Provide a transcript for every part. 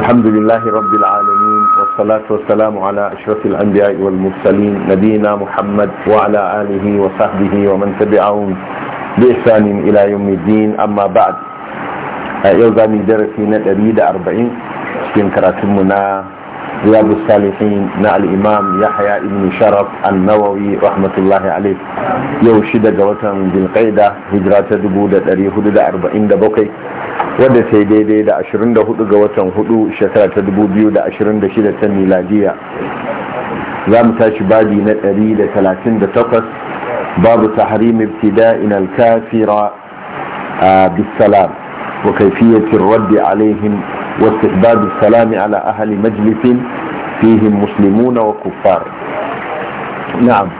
الحمد لله رب العالمين والصلاة والسلام على أشرف الأنبياء والمرسلين نبينا محمد وعلى آله وصحبه ومن تبعهم بإحسان إلى يوم الدين أما بعد يوزاني درسنا الأريد أربعين في كراتمنا رياض الصالحين مع الإمام يحيى بن شرف النووي رحمة الله عليه يوشد جوتا بالقيدة هجرات دبودة أريه أربعين دبوكي wadda ta yi daidai da 24 ga watan 4 shekara ta 2026 ta miladiya za mu tashi babi na 138 babu ta tahrim ibtida'in al-kafira bisalam wa kayfiyatir raddi alaihim wasu. Babu as-salam ala ahli majlisin fihim muslimun wa kuffar na'am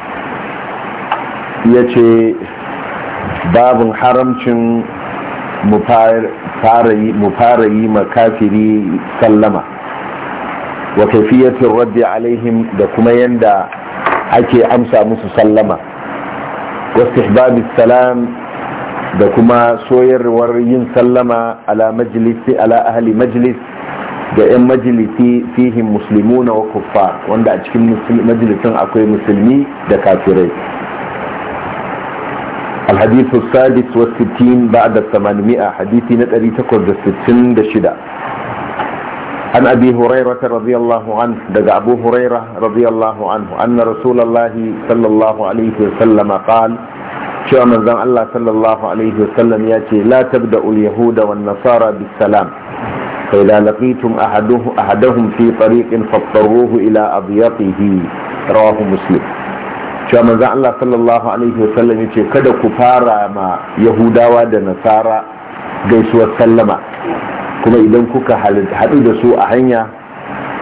ce babin haramcin mu fara yi makafiri sallama wa kafiyatin rabbi alaihim da kuma yanda ake amsa musu sallama wasu salam da kuma soyarwar yin sallama ala majalisi ala ahli majalis da 'yan majalisi fihim musulmuna wa wanda a cikin majalisin akwai musulmi da kafirai الحديث السادس والستين بعد الثمانمائة حديث نتألي تقرد الستين دشدة عن أبي هريرة رضي الله عنه دقى أبو هريرة رضي الله عنه أن رسول الله صلى الله عليه وسلم قال شو من ذن الله صلى الله عليه وسلم يأتي لا تبدأ اليهود والنصارى بالسلام فإذا لقيتم أحده أحدهم في طريق فاضطروه إلى أضيقه رواه مسلم cewa manzo Allah sallallahu alaihi wasallam yace kada ku fara ma yahudawa da nasara gaisuwar sallama kuma idan kuka haɗu da su a hanya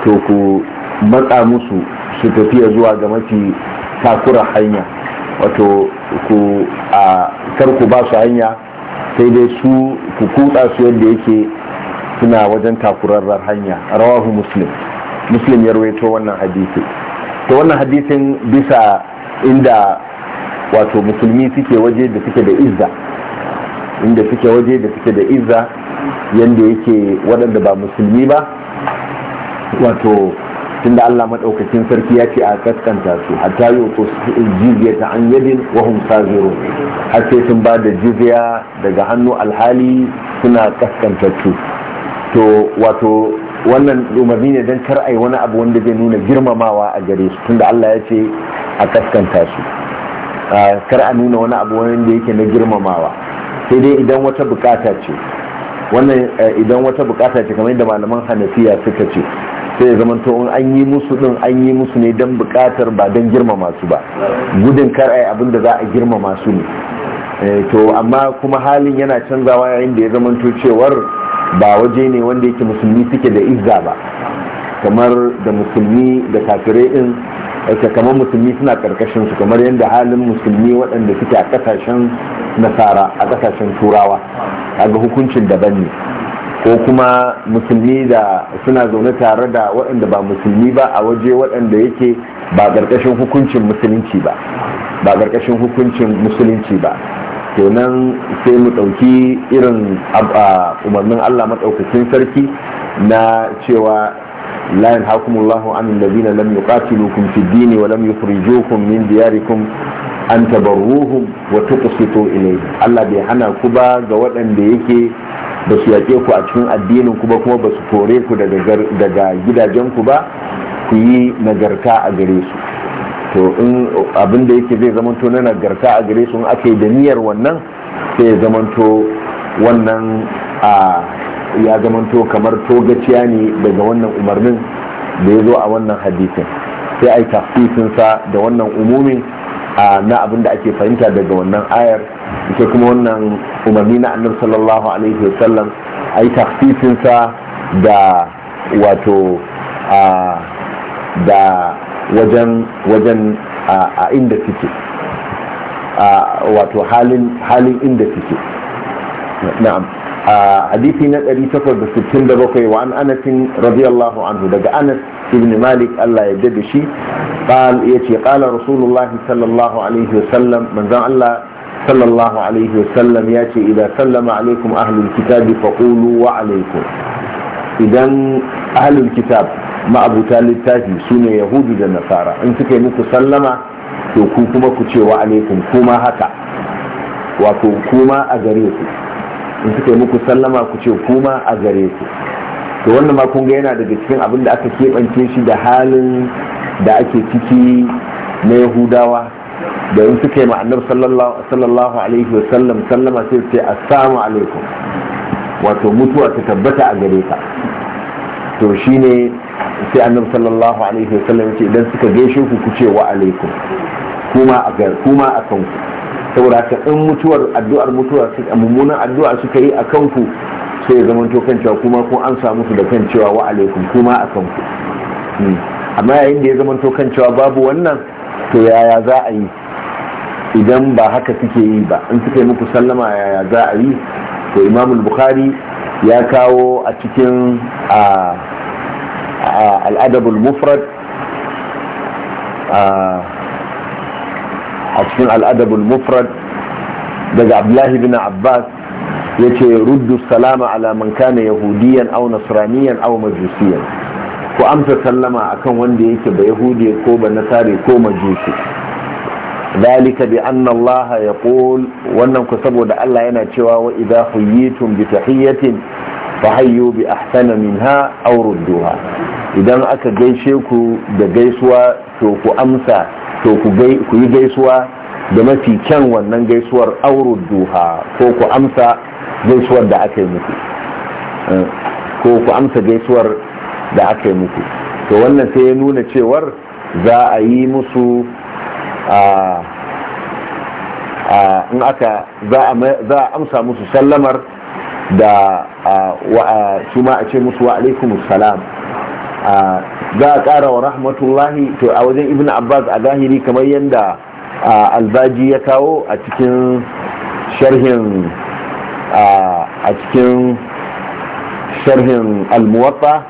to ku matsa musu su tafiya zuwa ga mafi takura hanya wato ku a ku ba su hanya sai dai su ku kutsa su yadda yake suna wajen takurarrar hanya rawahu muslim muslim ya ruwaito wannan hadisi to wannan hadisin bisa inda wato musulmi suke waje da suke da izza inda suke waje da suke da izza yadda yake waɗanda ba musulmi ba wato tunda Allah maɗaukakin sarki ya ce a kaskanta su hatta yi wato jizya ta an yadin wahum saziro har sai sun ba da jizya daga hannu alhali suna kaskanta su to wato wannan umarni ne don kar yi wani abu wanda zai nuna girmamawa a gare su tunda Allah ya ce a kaskanta su kar a nuna wani abu wanda yake na girmamawa sai dai idan wata bukata ce wannan idan wata bukata ce kamar yadda malaman hanafiya suka ce sai zama to in an yi musu din an yi musu ne don bukatar ba don girmama su ba gudun kar ai abin da za a girmama su ne eh, to amma kuma halin yana canzawa yayin da ya zama to cewar ba waje ne wanda yake musulmi suke da izza ba kamar da musulmi da kafirai din yake kamar musulmi suna karkashin su kamar yadda halin musulmi waɗanda suke a ƙasashen nasara a ƙasashen turawa a ga hukuncin daban ne ko kuma musulmi da suna zaune tare da waɗanda ba musulmi ba a waje waɗanda yake ba ƙarƙashin hukuncin musulunci ba ba ƙarƙashin hukuncin musulunci ba to sai mu ɗauki irin ah, umarnin allah maɗaukakin sarki na cewa لا ينهاكم الله عن الذين لم يقاتلوكم في الدين ولم يخرجوكم من دياركم أن تبروهم وتقسطوا إليه الله بيحنا كبا جوالا بيكي بس يأتيكم أتشون الدين كبا كما بس كوريكو دقا جدا جنكم ku yi nagarta a to in abin da yake zai zamanto na nagarta a gare su in aka yi da niyyar wannan sai zamanto wannan a ya zamanto kamar togaciya ne daga wannan umarnin da ya zo a wannan hadisin sai a yi tafsisinsa da wannan umumin na abin da ake fahimta daga wannan ayar ita kuma wannan umarni na annar sallallahu alaihi wasallam a yi tafsisinsa da wato da wajen wajen a inda suke wato halin inda suke na'am A hadisi na 867 wa an anas radiyallahu anhu daga anas ibn malik Allah ya dade shi Ya ce qala rasulullahi sallallahu alaihi wa sallam, manzan Allah sallallahu alaihi wa sallam ya ce idan sallama alaikum ahlul kitabi faqulu wa alaikum idan ahlul kitab ma'abuta littafi sune yahudu da nasara in suka yi muku sallama to ku kuma ku ce wa alaikum kuma haka wato kuma a gare ku in suka yi muku sallama ku ce kuma a gare ku to wannan ma kun ga yana daga cikin abin da aka keɓance shi da halin da ake ciki na yahudawa da in suka yi ma annabi sallallahu alaihi wa sallam sallama sai ce assalamu alaikum wato mutuwa ta tabbata a gare ka to shine sai annabi sallallahu alaihi wa sallam ce idan suka gaishe ku ku ce wa alaikum kuma a kuma a kanku saboda ka in mutuwar addu'ar mutuwa mummunan addu'a suka yi a kanku sai zama to kan cewa kuma kun an samu su da kan cewa wa alaikum kuma a kanku hmm. amma yayin da ya zama to kan cewa babu wannan to yaya za a yi idan ba haka suke yi ba in suka yi muku sallama yaya za a yi to imam bukhari ya kawo a cikin al'adabul mufrad a. a cikin al'adabul mufrad daga abdullahi bin abbas ya ce ruddu salama ala man yahudiyan au nasraniyan au majusiyan ku amsa sallama akan wanda yake ba yahudi ko ba nasari ko majusi ذلك بأن الله يقول وأنكم كسبوا الله ينا تشوا وإذا حييتم بتحية فحيوا بأحسن منها أو ردوها إذا أكا جيشيكو دا to ku أمسا to ku yi gaisuwa da mafi kyan wannan gaisuwar auru duha ko ku amsa gaisuwar da aka yi muku eh, ko ku amsa gaisuwar da aka yi muku to wannan sai ya nuna cewar za a yi musu a in aka za a amsa musu sallamar da su ma a ce musu wa alaikumus salam za a ƙara wa rahmatullahi to a wajen ibn abbas a zahiri kamar yadda albaji ya kawo a cikin sharhin a cikin sharhin almuwatta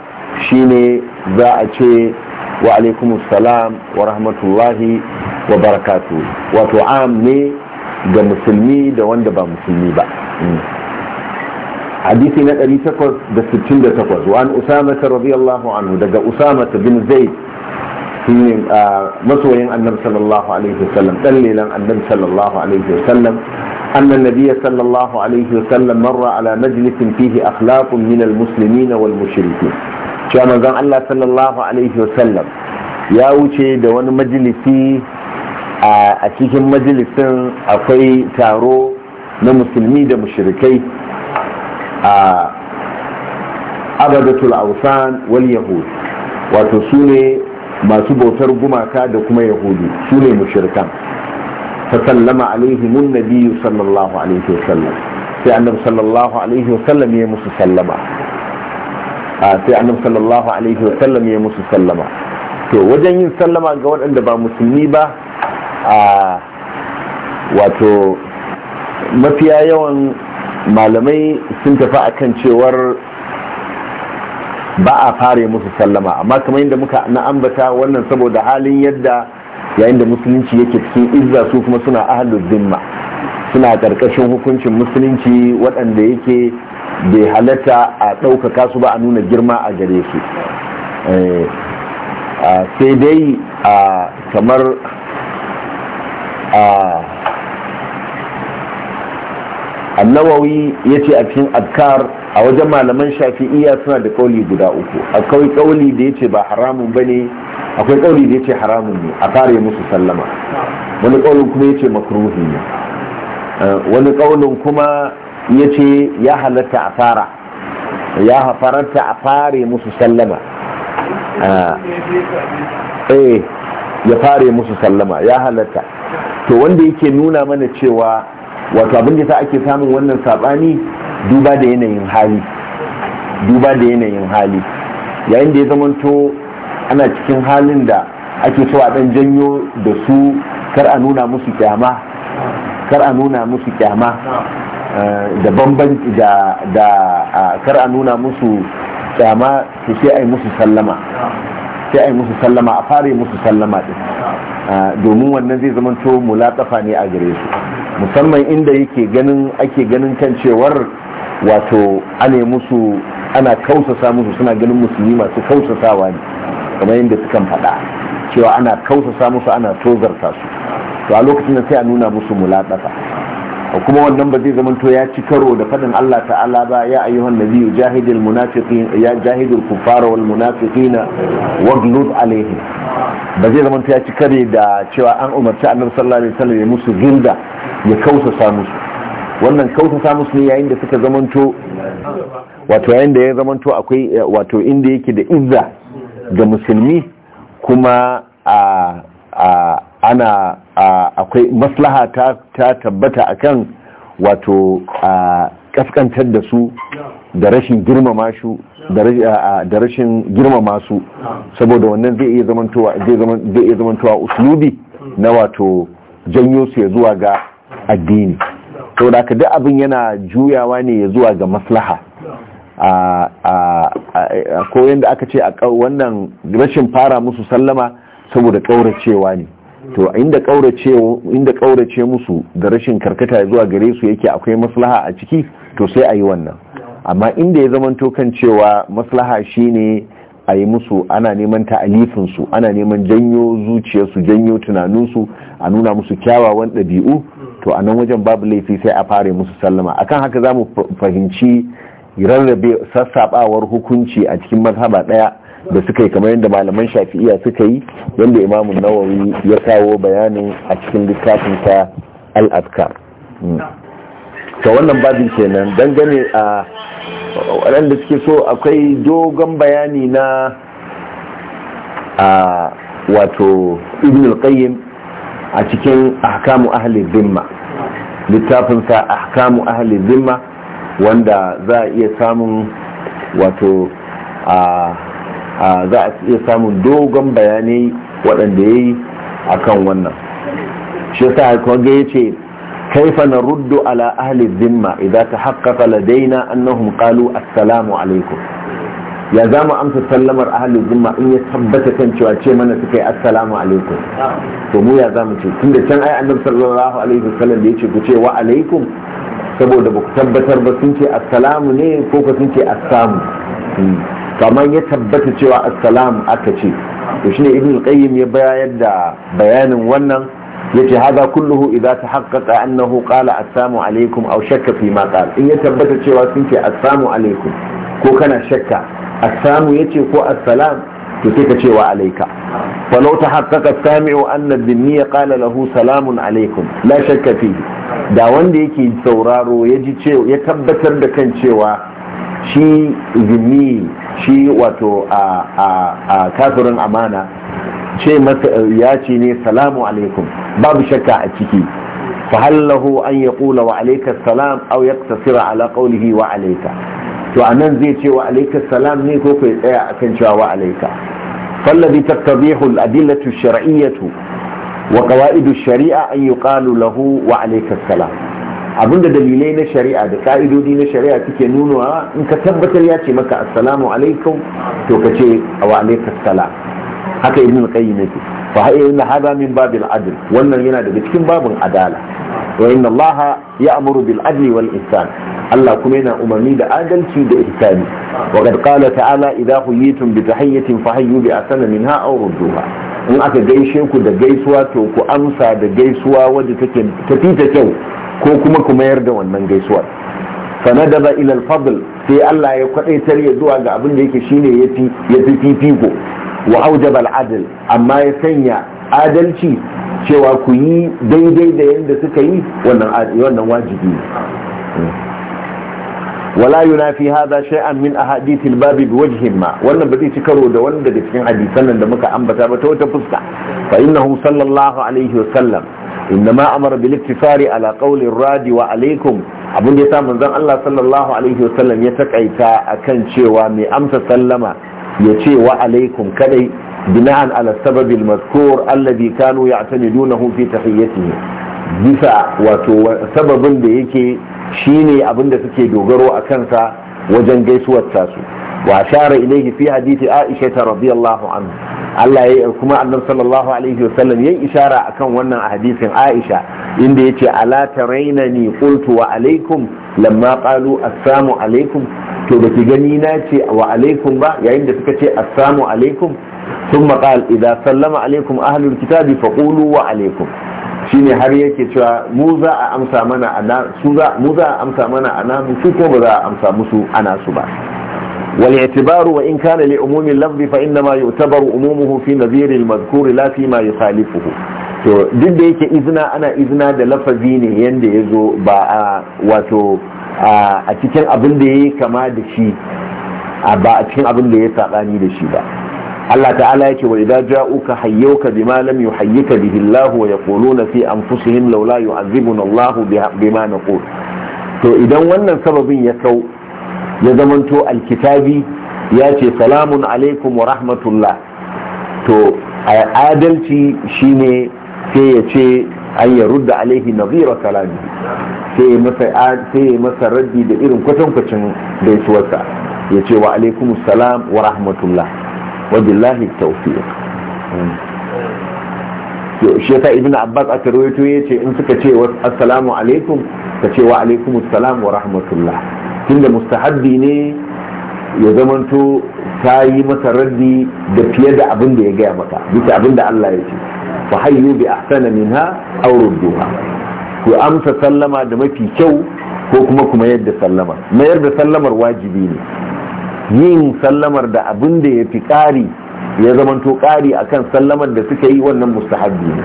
shine za a ce wa alaikum salam wa rahmatullahi wa barakatu wato am ne ga musulmi da wanda ba musulmi ba hmm. hadisi na 868 wa an usama radiyallahu anhu daga usama bin zaid shine masoyin annabi sallallahu alaihi wasallam dan lelan annabi sallallahu alaihi wasallam أن النبي صلى الله عليه وسلم مر على مجلس فيه أخلاق من المسلمين والمشركين كما قال الله صلى الله عليه وسلم يا وشي دون مجلسي أشيكم مجلس أقوي تارو na musulmi da mushirikai. a abadatul ausan wal yahud wato su ne masu bautar gumaka da kuma yahudu su ne mushirkan fasallama alaihimun nabiyyu sallallahu alaihi wasallam sai annabi sallallahu alaihi wasallam ya musu sallama sai annabi sallallahu alaihi wasallam ya musu sallama to wajen yin sallama ga waɗanda ba musulmi ba a wato mafiya yawan malamai sun tafi a kan cewar ba a fare musu sallama amma kamar yadda muka na ambata wannan saboda halin yadda yayin da musulunci yake cikin izza su kuma suna ahlul dimma suna karkashin hukuncin musulunci waɗanda yake bai halatta a ɗaukaka su ba a nuna girma a gare su eh, sai dai kamar a annawawi ya ce a cikin adkar a wajen malaman shafi'iyya suna da kauli guda uku akwai kauli da ya ce ba haramun ba ne akwai kauli da ya ce haramun ne a yi musu sallama wani kaulin kuma ya ce makruhi ne eh, wani kaulin kuma ya ce ya halatta a fara ya hafaranta a fara musu sallama eh, eh ya fara musu sallama ya halatta to wanda yake nuna mana cewa wato abin da sa ake samun wannan sabani duba da yanayin hali duba da yanayin hali yayin da ya to ana cikin halin da ake so a dan janyo da su kar a nuna musu kyama kar a nuna musu kyama eh, da bamban da da kar a nuna musu kyama to sai a yi musu sallama sai a yi musu sallama a fara musu sallama din domin wannan zai zama to mulatafa ne a gare su musamman inda yake ganin ake ganin kan cewar wato ana musu ana kausasa musu suna ganin musulmi masu kausasawa ne kamar yadda sukan faɗa cewa ana kausasa musu ana tozarta su to a lokacin da sai a nuna musu mulatafa kuma wannan ba zai zama to ya ci karo da faɗin Allah ta'ala ba ya ayyuhan nabi jahidil munafiqin ya jahidul kuffara wal munafiqina waglud alaihim ba zai zama ya ci kare da cewa an umarci annabi sallallahu alaihi wasallam ya musu gilda ya kausa musu wannan kausasa musu ne yayin da suka zamanto wato yayin da ya zamanto akwai wato inda yake da izza ga musulmi kuma a ana akwai maslaha ta tabbata akan wato kaskantar da su da rashin girmama su da rashin girmama su saboda wannan zai iya zamantowa zai iya na wato janyo su ya zuwa ga addini saboda ka duk abin yana juyawa ne ya zuwa ga maslaha a ko yadda aka ce a wannan rashin fara musu sallama saboda kauracewa ne to inda kaurace inda kaurace musu da rashin karkata zuwa gare su yake akwai maslaha a ciki to sai a yi wannan amma inda ya zamanto kan cewa maslaha shine a yi musu ana neman ta'alifinsu ana neman janyo zuciyarsu janyo tunaninsu a nuna musu kyawawan ɗabi'u to a nan wajen babu laifi sai a fara musu sallama akan haka za mu fahimci rarrabe sassaɓawar hukunci a cikin mazhaba ɗaya da suka yi kamar yadda malaman shafi'iya suka yi yadda imamun nawawi ya kawo bayanin a cikin littafin al-adkar hmm. ta wannan babin kenan dangane a waɗanda suke so akwai dogon bayani na a wato ibn al-qayyim a cikin ahkamu ahli zimma littafinsa ahkamu ahli zimma wanda za a iya samun wato a za a iya samun dogon bayanai waɗanda ya yi a kan wannan shi sa haka ya ce كيف نرد على أهل الذمة إذا تحقق لدينا أنهم قالوا السلام عليكم يا زام أمس سلمر أهل الذمة إن يثبت كان شو أشي من سكي السلام عليكم ومو يا زام شو كنت كان أي النبي صلى الله عليه وسلم يجي كشي وعليكم saboda ba ku tabbatar ba sun ce assalamu ne ko ka sun ce assamu kamar ya tabbata cewa assalamu aka ce to shine ibn qayyim ya bayar da bayanin wannan yace hada kulluhu idza tahaqqaqa annahu qala assalamu alaikum aw shakka fi ma qala in ya tabbata cewa sun ce assalamu alaikum ko kana shakka assamu yace ko assalam to sai ka ce wa alaika falau tahaqqaqa samiu anna ad qala lahu salamun alaikum la shakka fi. da wanda yake sauraro ya ce ya tabbatar da kan cewa shi zimmi shi wato a kafirin amana ce masa ya ce ne salamu alaikum babu shakka a ciki fahallahu lahu an ya kula wa alaika salam au ya tasira ala qawlihi wa alaika to anan zai ce wa alaika salam ne ko kai tsaya akan cewa wa alaika fallabi tattabihu al-adillatu shar'iyyatu wa qawaidu shari'a an yuqalu lahu wa alaika salam abinda dalilai na shari'a da ka'idodi na shari'a suke nunawa in ka tabbatar ya ce maka assalamu alaikum to ka ce wa alaika salam haka ibn al-qayyim yake fa hayya hada min babil adl wannan yana daga cikin babin adala wa inna allaha ya'muru bil adli wal ihsan Allah kuma yana umarni da adalci da ihsani wa qad qala ta'ala idza huyitum bi tahiyyatin fahayyu bi ahsana minha aw rudduha in aka gaishe ku da gaisuwa to ku amsa da gaisuwa wadda take tafi ta kyau ko kuma ku mayar da wannan gaisuwar fanadaba ila al-fadl sai Allah ya kwadaitar ya zuwa ga abin da yake shine yafi yafi fifiko wa aujabal adl amma ya sanya adalci cewa ku yi daidai da yadda suka yi wannan wajibi wala yunafi hadha shay'an min ahadith al-bab biwajhin ma wannan ba zai ci karo da wanda da cikin hadisan nan da muka ambata ba ta wata fuska fa innahu sallallahu alaihi wa sallam innama amara bil iktifari ala qawli radi wa alaikum abun da yasa manzon Allah sallallahu alaihi wa sallam ya takaita akan cewa mai amsa sallama ya ce wa alaikum kadai bina'an ala sababil mazkur alladhi kanu ya'tamidunahu fi tahiyyatihi bisa wato sababin da yake shine abinda suke dogaro a kansa wajen gaisuwar tasu wa ashara ilayhi fi hadisi aisha radiyallahu anha Allah ya yi kuma annabi sallallahu alaihi wa sallam yayi ishara akan wannan hadisin Aisha inda yace ala tarainani qultu wa alaikum lamma qalu assalamu alaikum to da ki gani na ce wa alaikum ba yayin da suka ce assalamu alaikum thumma qala idza sallama alaikum ahlul kitabi qulu wa alaikum shine har yake cewa mu za a amsa mana ana su za mu za a amsa mana ana su ko ba za a amsa musu ana su ba والاعتبار وإن كان لعموم اللفظ فإنما يعتبر عمومه في نظير المذكور لا فيما يخالفه to duk da yake izina ana izina da lafazi ne yadda ya zo ba a wato a cikin abin da ya kama da shi ba a cikin abin da ya saɓani da shi ba Allah ta'ala yake wa idza ja'uka hayyuka bima lam yuhayyika bihi Allah wa yaquluna fi anfusihim laula yu'adhibuna Allah bima naqul to idan wannan sababin ya kau ya zamanto alkitabi ya ce salamun alaikum wa rahmatullah to adalci shine sai ya ce an ya rudda alaihi nazira kalami sai ya masa raddi da irin kwatankwacin da ya ya ce wa alaikum salam wa rahmatullah wa billahi tawfiq shi yasa ibn abbas a rawaito ya ce in suka ce assalamu alaikum ka ce wa alaikum salam wa rahmatullah tunda mustahabbi ne ya zamanto ta yi masa raddi da fiye da abin da ya gaya mata bisa abin da Allah ya ce fa hayyu bi ahsana minha aw rudduha ku amsa sallama da mafi kyau ko kuma kuma yadda sallama mayar da sallamar wajibi ne yin sallamar da abin da ya fi ƙari ya zamanto ƙari akan sallamar da suka yi wannan mustahabbi ne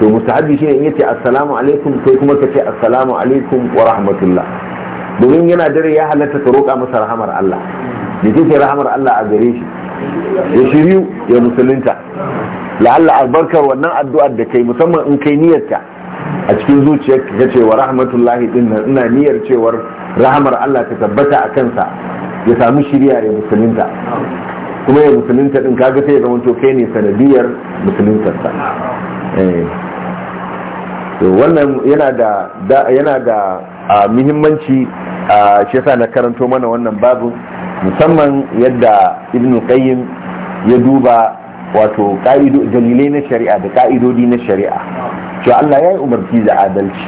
to mustahabbi shine in yace assalamu alaikum sai kuma ka ce assalamu alaikum wa rahmatullah domin yana dare ya halatta ka roƙa masa rahamar Allah da kike rahamar Allah a gare shi ya shiryu ya musulunta la'alla albarkar wannan addu'ar da kai musamman in kai niyyarta a cikin zuciyarka ka cewa rahmatullahi din nan ina niyyar cewar rahamar Allah ta tabbata a kansa ya sami shirya ya musulunta kuma ya musulunta din kaga sai ya zama to kai ne sanadiyar musuluntarsa eh. wannan yana da a muhimmanci a shi yasa na karanto mana wannan babu musamman yadda ibn qayyim ya duba wato dalilai na shari'a da ka'idodi na shari'a To Allah ya yi umarci da adalci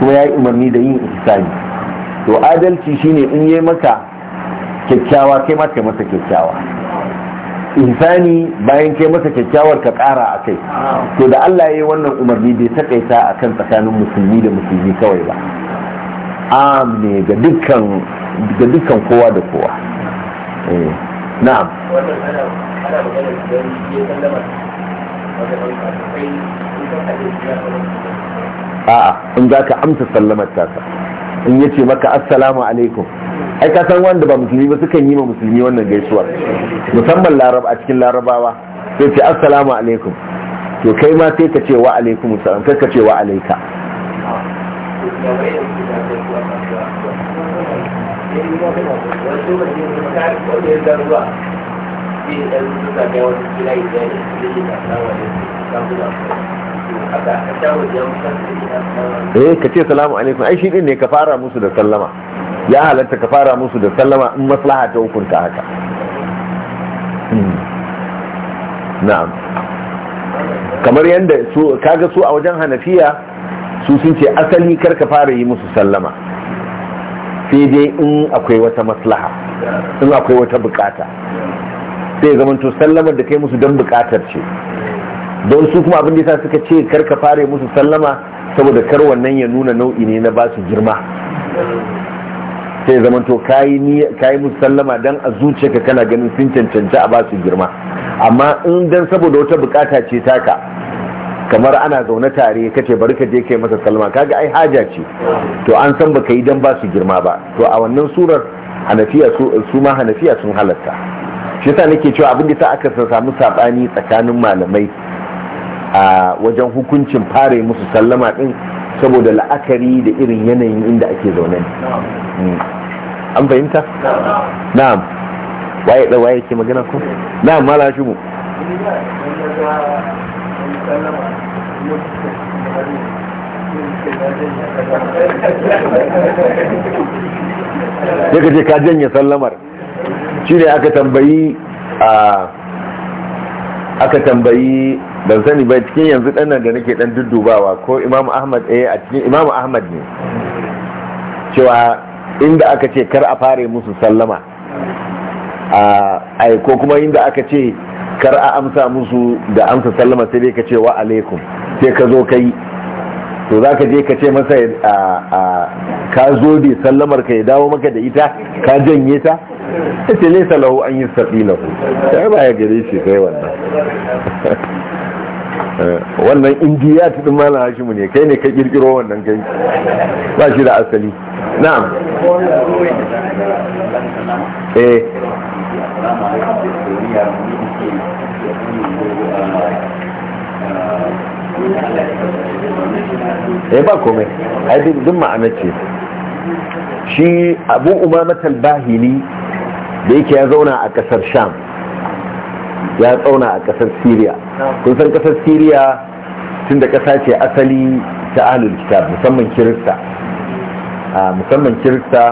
kuma ya yi umarni da yin ihsani to adalci shine in yi maka kyakkyawa kai ma kai masa kyakkyawa ihsani bayan kai masa kyakkyawar ka kara a kai to da Allah ya yi wannan umarni bai takaita akan tsakanin musulmi da musulmi kawai ba am ne ga dukkan kowa da kowa na'am a'a in za ka amsa sallamar tasa in ya ce maka assalamu alaikum ai ka san wanda ba musulmi ba sukan yi ma musulmi wannan gaisuwar musamman Laraba, a cikin larabawa sai ce assalamu alaikum to kai ma sai ka ce wa alaikum salam kai ka ce wa alaika eh ka ce salamu alaikum ai shi din ne ka fara musu da sallama ya halatta ka fara musu da sallama in maslaha ta hukunta haka hmm. na'am kamar yadda su kaga su a wajen hanafiya su sun ce asali ka fara yi musu sallama sai dai in akwai wata maslaha in akwai wata bukata sai zama to sallamar da kai musu don bukatar ce don su kuma abin da suka ce kar ka fare musu sallama saboda kar wannan ya nuna nau'i ne na basu girma sai zama to kayi musu sallama don a zuciyarka kana ganin sun cancanci a basu girma amma in dan saboda wata bukata ce taka kamar ana zaune tare kace bari ka je kai masa salma kaga ai haja ce to an san baka yi dan ba su girma ba to a wannan surar hanafiya su ma hanafiya sun halatta shi yasa nake cewa abin da ta aka samu sabani tsakanin malamai a wajen hukuncin yi musu sallama din saboda la'akari da irin yanayin inda ake zaune hmm. an fahimta na'am waye da waye ke magana ko na'am mala shi mu ya kace ka janye sallamar shi ne aka tambayi a aka tambayi ban sani ba cikin yanzu nan da nake ɗan duddubawa ko imam ahmad eh a cikin imam ahmad ne cewa inda aka ce kar a fare musu sallama a ko kuma inda aka ce kar a amsa musu da amsa sallama sai dai ka ce wa alaikum sai ka zo ka yi to za ka je ka ce masa ka zo bi sallamar ka ya dawo maka da ita ka janye ta ta ce nesa lahu an yi na lahu ta ba ya gare shi kai wannan wannan indiya ta ɗin mana hashimu ne kai ne ka ƙirƙiro wannan kai ba shi da asali na'am eh ya eh, ba komai ai duk ma'ana ce shi abu umamat bahini da yake ya zauna a kasar sham ya zauna a kasar syria kun san kasar syria tun da kasa ce asali ta ahlul kitab musamman kirista ah, musamman kirista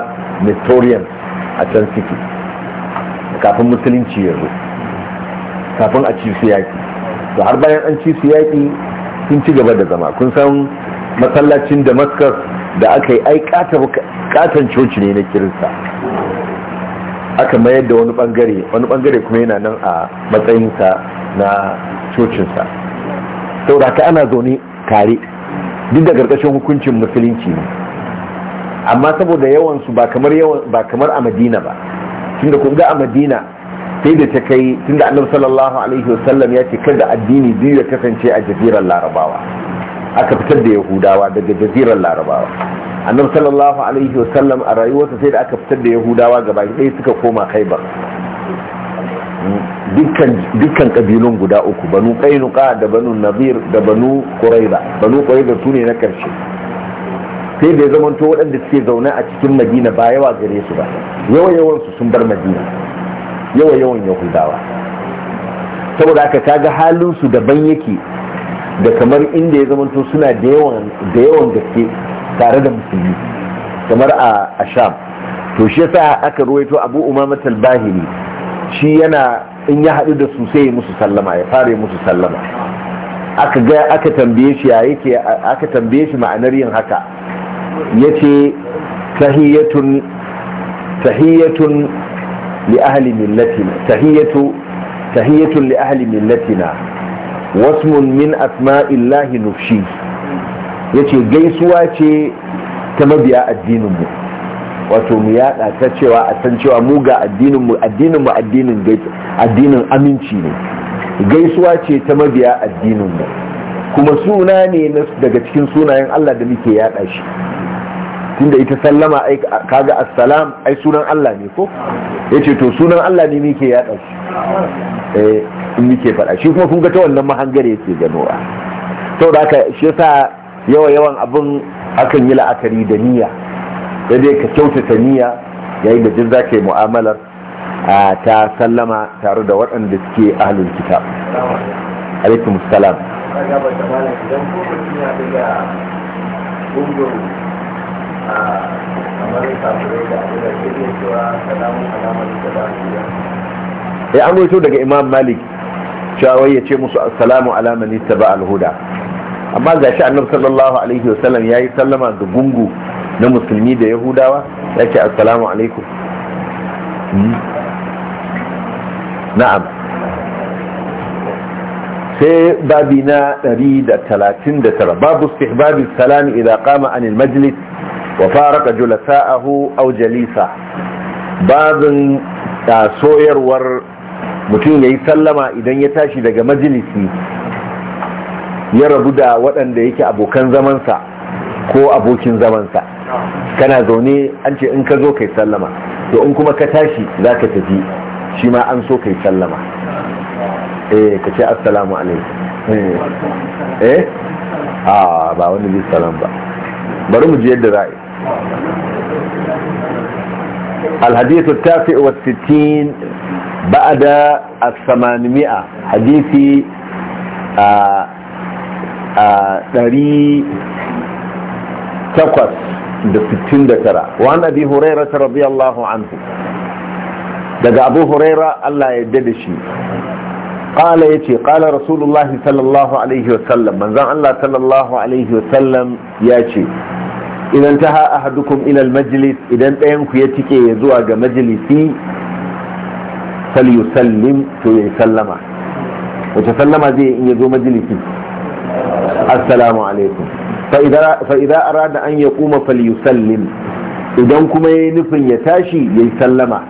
nestorian a can ciki kafin musulunci yanzu kafin a ci su yaƙi to har bayan an ci su yaƙi sun ci gaba da zama kun san masallacin damascus da aka yi ai katon coci ne na kirista aka mayar da wani bangare wani bangare kuma yana nan a matsayinsa na cocinsa sauraka ana zaune tare duk da karkashin hukuncin musulunci ne amma saboda yawansu ba kamar a madina ba tun da kunga a madina sai da ta kai tunda annabi sallallahu alaihi wasallam ya ce kada addini biyu ya kasance a jazirar larabawa aka fitar da yahudawa daga jazirar larabawa annabi sallallahu alaihi wasallam a rayuwarsa sai da aka fitar da yahudawa gaba ɗaya suka koma khaibar dukkan kabilun guda uku banu qainuqa da banu nadir da banu quraiba banu quraiba tuni na karshe sai da zamanto waɗanda suke zaune a cikin madina ba yawa gare su ba yawa yawan su sun bar madina yawa yawan yahudawa saboda aka kaga su daban yake da kamar inda ya zamanto suna da yawan gaske tare da musulmi kamar a sham to shi yasa aka ruwaito abu umama talbahiri shi yana in ya haɗu da su sai ya musu sallama ya fara musu sallama aka ga aka tambaye shi ya yake aka tambaye shi ma'anar yin haka yace tahiyatun tahiyatun لأهل ملتنا تهية تهية لأهل li ahli millatina wasmun min asma'illahi nufshi yace gaisuwa ce ta mabiya wato mu yada cewa a san cewa mu ga addinin mu addinin mu addinin gaisuwa addinin aminci ne gaisuwa ce ta mabiya addinin mu kuma suna ne daga cikin sunayen Allah da muke yada shi Tun da ita sallama ai kaga assalam ai sunan Allah ne ko yace to sunan Allah ne muke ya dauki eh muke fada shi kuma kun ga ta wannan mahangare yake ganowa da aka shi yasa yawa yawan abin akan yi la'akari da niyya sai dai ka kyautata niyya yayin da duk zaka yi mu'amalar ta sallama tare da waɗanda suke ahlul kitab alaikum salam ya eh, an roto daga imam malik shawai ya ce musu assalamu ala man ittaba al-huda amma ga shi annabi sallallahu alaihi wasallam yayi sallama ga gungu na musulmi da yahudawa ya ce assalamu alaikum hmm. na'am sai babi na 139 babu istihbabi salami idan qama anil majlis wa faraka julasa'ahu aw jalisa babin soyarwar mutum yayi sallama idan ya tashi daga majalisi ya rabu da waɗanda yake abokan zamansa ko abokin zamansa kana zaune an ce in ka zo kai sallama to in kuma ka tashi za ka tafi shi ma an so kai sallama eh ka ce assalamu alaikum eh, eh? a ah, ba wani zai salam ba bari mu je yadda za'a yi الحديث التاسع والستين بعد الثمانمائة حديث دري تقص بستين دكرة وعن أبي هريرة رضي الله عنه دقى أبو هريرة الله يددشي قال يتي قال رسول الله صلى الله عليه وسلم من ذا الله صلى الله عليه وسلم ياتي idan ta ha ahadukum ilal majlis idan ɗayan ku ya tike ya zuwa ga majalisi falyusallim to ya sallama wace sallama zai in ya zo majalisi assalamu alaikum fa idza arada an ya yaquma falyusallim idan kuma ya yi nufin ya tashi yi sallama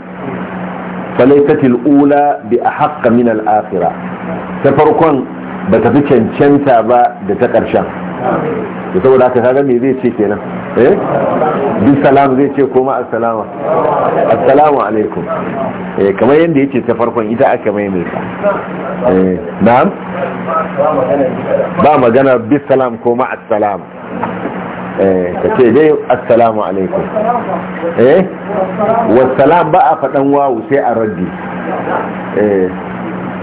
ula, bi a haƙa min al'afira. Ta farkon ba ta fi تفرقون ba da ta ƙarshen. da saboda haka kaga me zai ce kenan eh bi salam zai ce koma assalama assalamu alaikum eh kamar yanda yace ta farkon ita aka mai mai eh na'am ba magana bi salam koma assalam eh ce dai assalamu alaikum eh wassalam ba a fadan wawu sai a raddi eh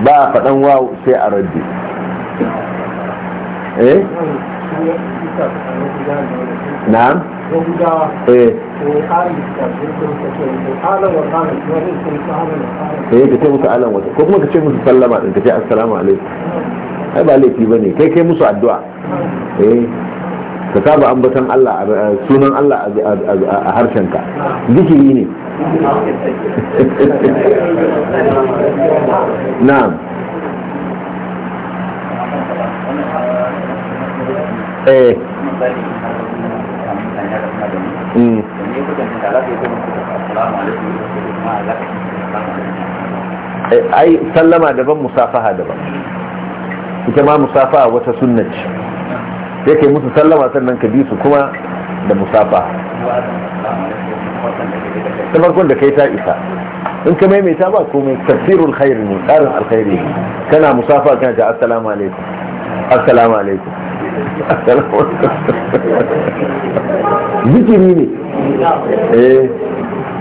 ba a fadan wawu sai a raddi eh na'am eh eh ka ce musu alan wata ko kuma ka ce musu sallama ɗin ka ce assalamu alaikum ai ba laifi ba ne kai kai musu addu'a eh ka saba ambatan Allah sunan Allah a harshenka zikiri ne na'am Eh. Mm. Eh, ai sallama daban musafaha daban ita ma musafaha wata sunnaci yake musu sallama sannan ka bi su kuma da musafaha ta farkon da kai ta isa in ka maimaita ba komai tafsirul khair ne tsarin alkhairi kana musafaha kana ta assalamu alaikum assalamu alaikum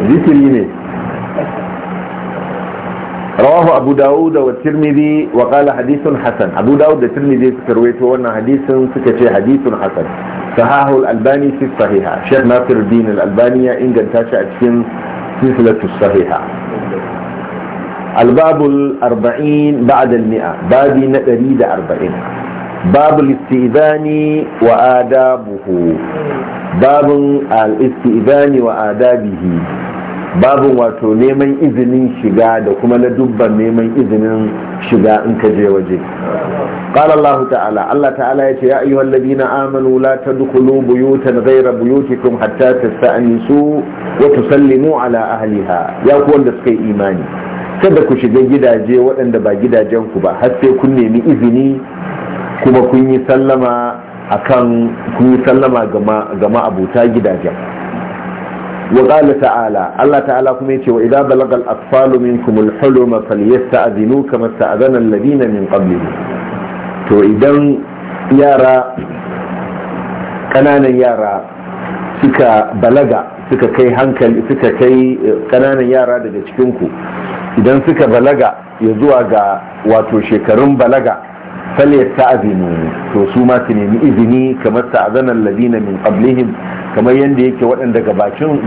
zikiri ne رواه أبو داود والترمذي وقال حديث حسن أبو داود والترمذي سكرويته وانا حديث سكتي حديث حسن فهاه الألباني في الصحيحة شيخ ناصر الدين الألبانية إن كان تاشأت في سلسلة الصحيحة الباب الأربعين بعد المئة بابي نتريد أربعين babu istizani wa adabuhu babun al-istizani wa adabihi babun wato neman izinin shiga da kuma na dubban neman izinin shiga in ka je waje qala Allah ta'ala Allah ta'ala yace ya ayyuhal ladina amanu la tadkhulu buyutan ghayra buyutikum hatta tasta'nisu wa tusallimu ala ahliha ya ku wanda suka yi imani kada ku shiga gidaje waɗanda ba gidajen ku ba har sai kun nemi izini kuma kun yi sallama a kan kun yi sallama ga ma'abuta gidajen wa ta'ala Allah ta'ala kuma ya ce wa idan balagal kumul halo masal hulum falyasta'dhinu kamar sta'dhana alladhina min ƙabli to idan yara ƙananan yara suka balaga suka kai hankali suka kai eh, ƙananan yara daga cikinku idan suka balaga ya zuwa ga wato shekarun balaga falyasta'zinu to su ma su nemi izini kamar ta'zana alladina min qablihim kamar yanda yake waɗanda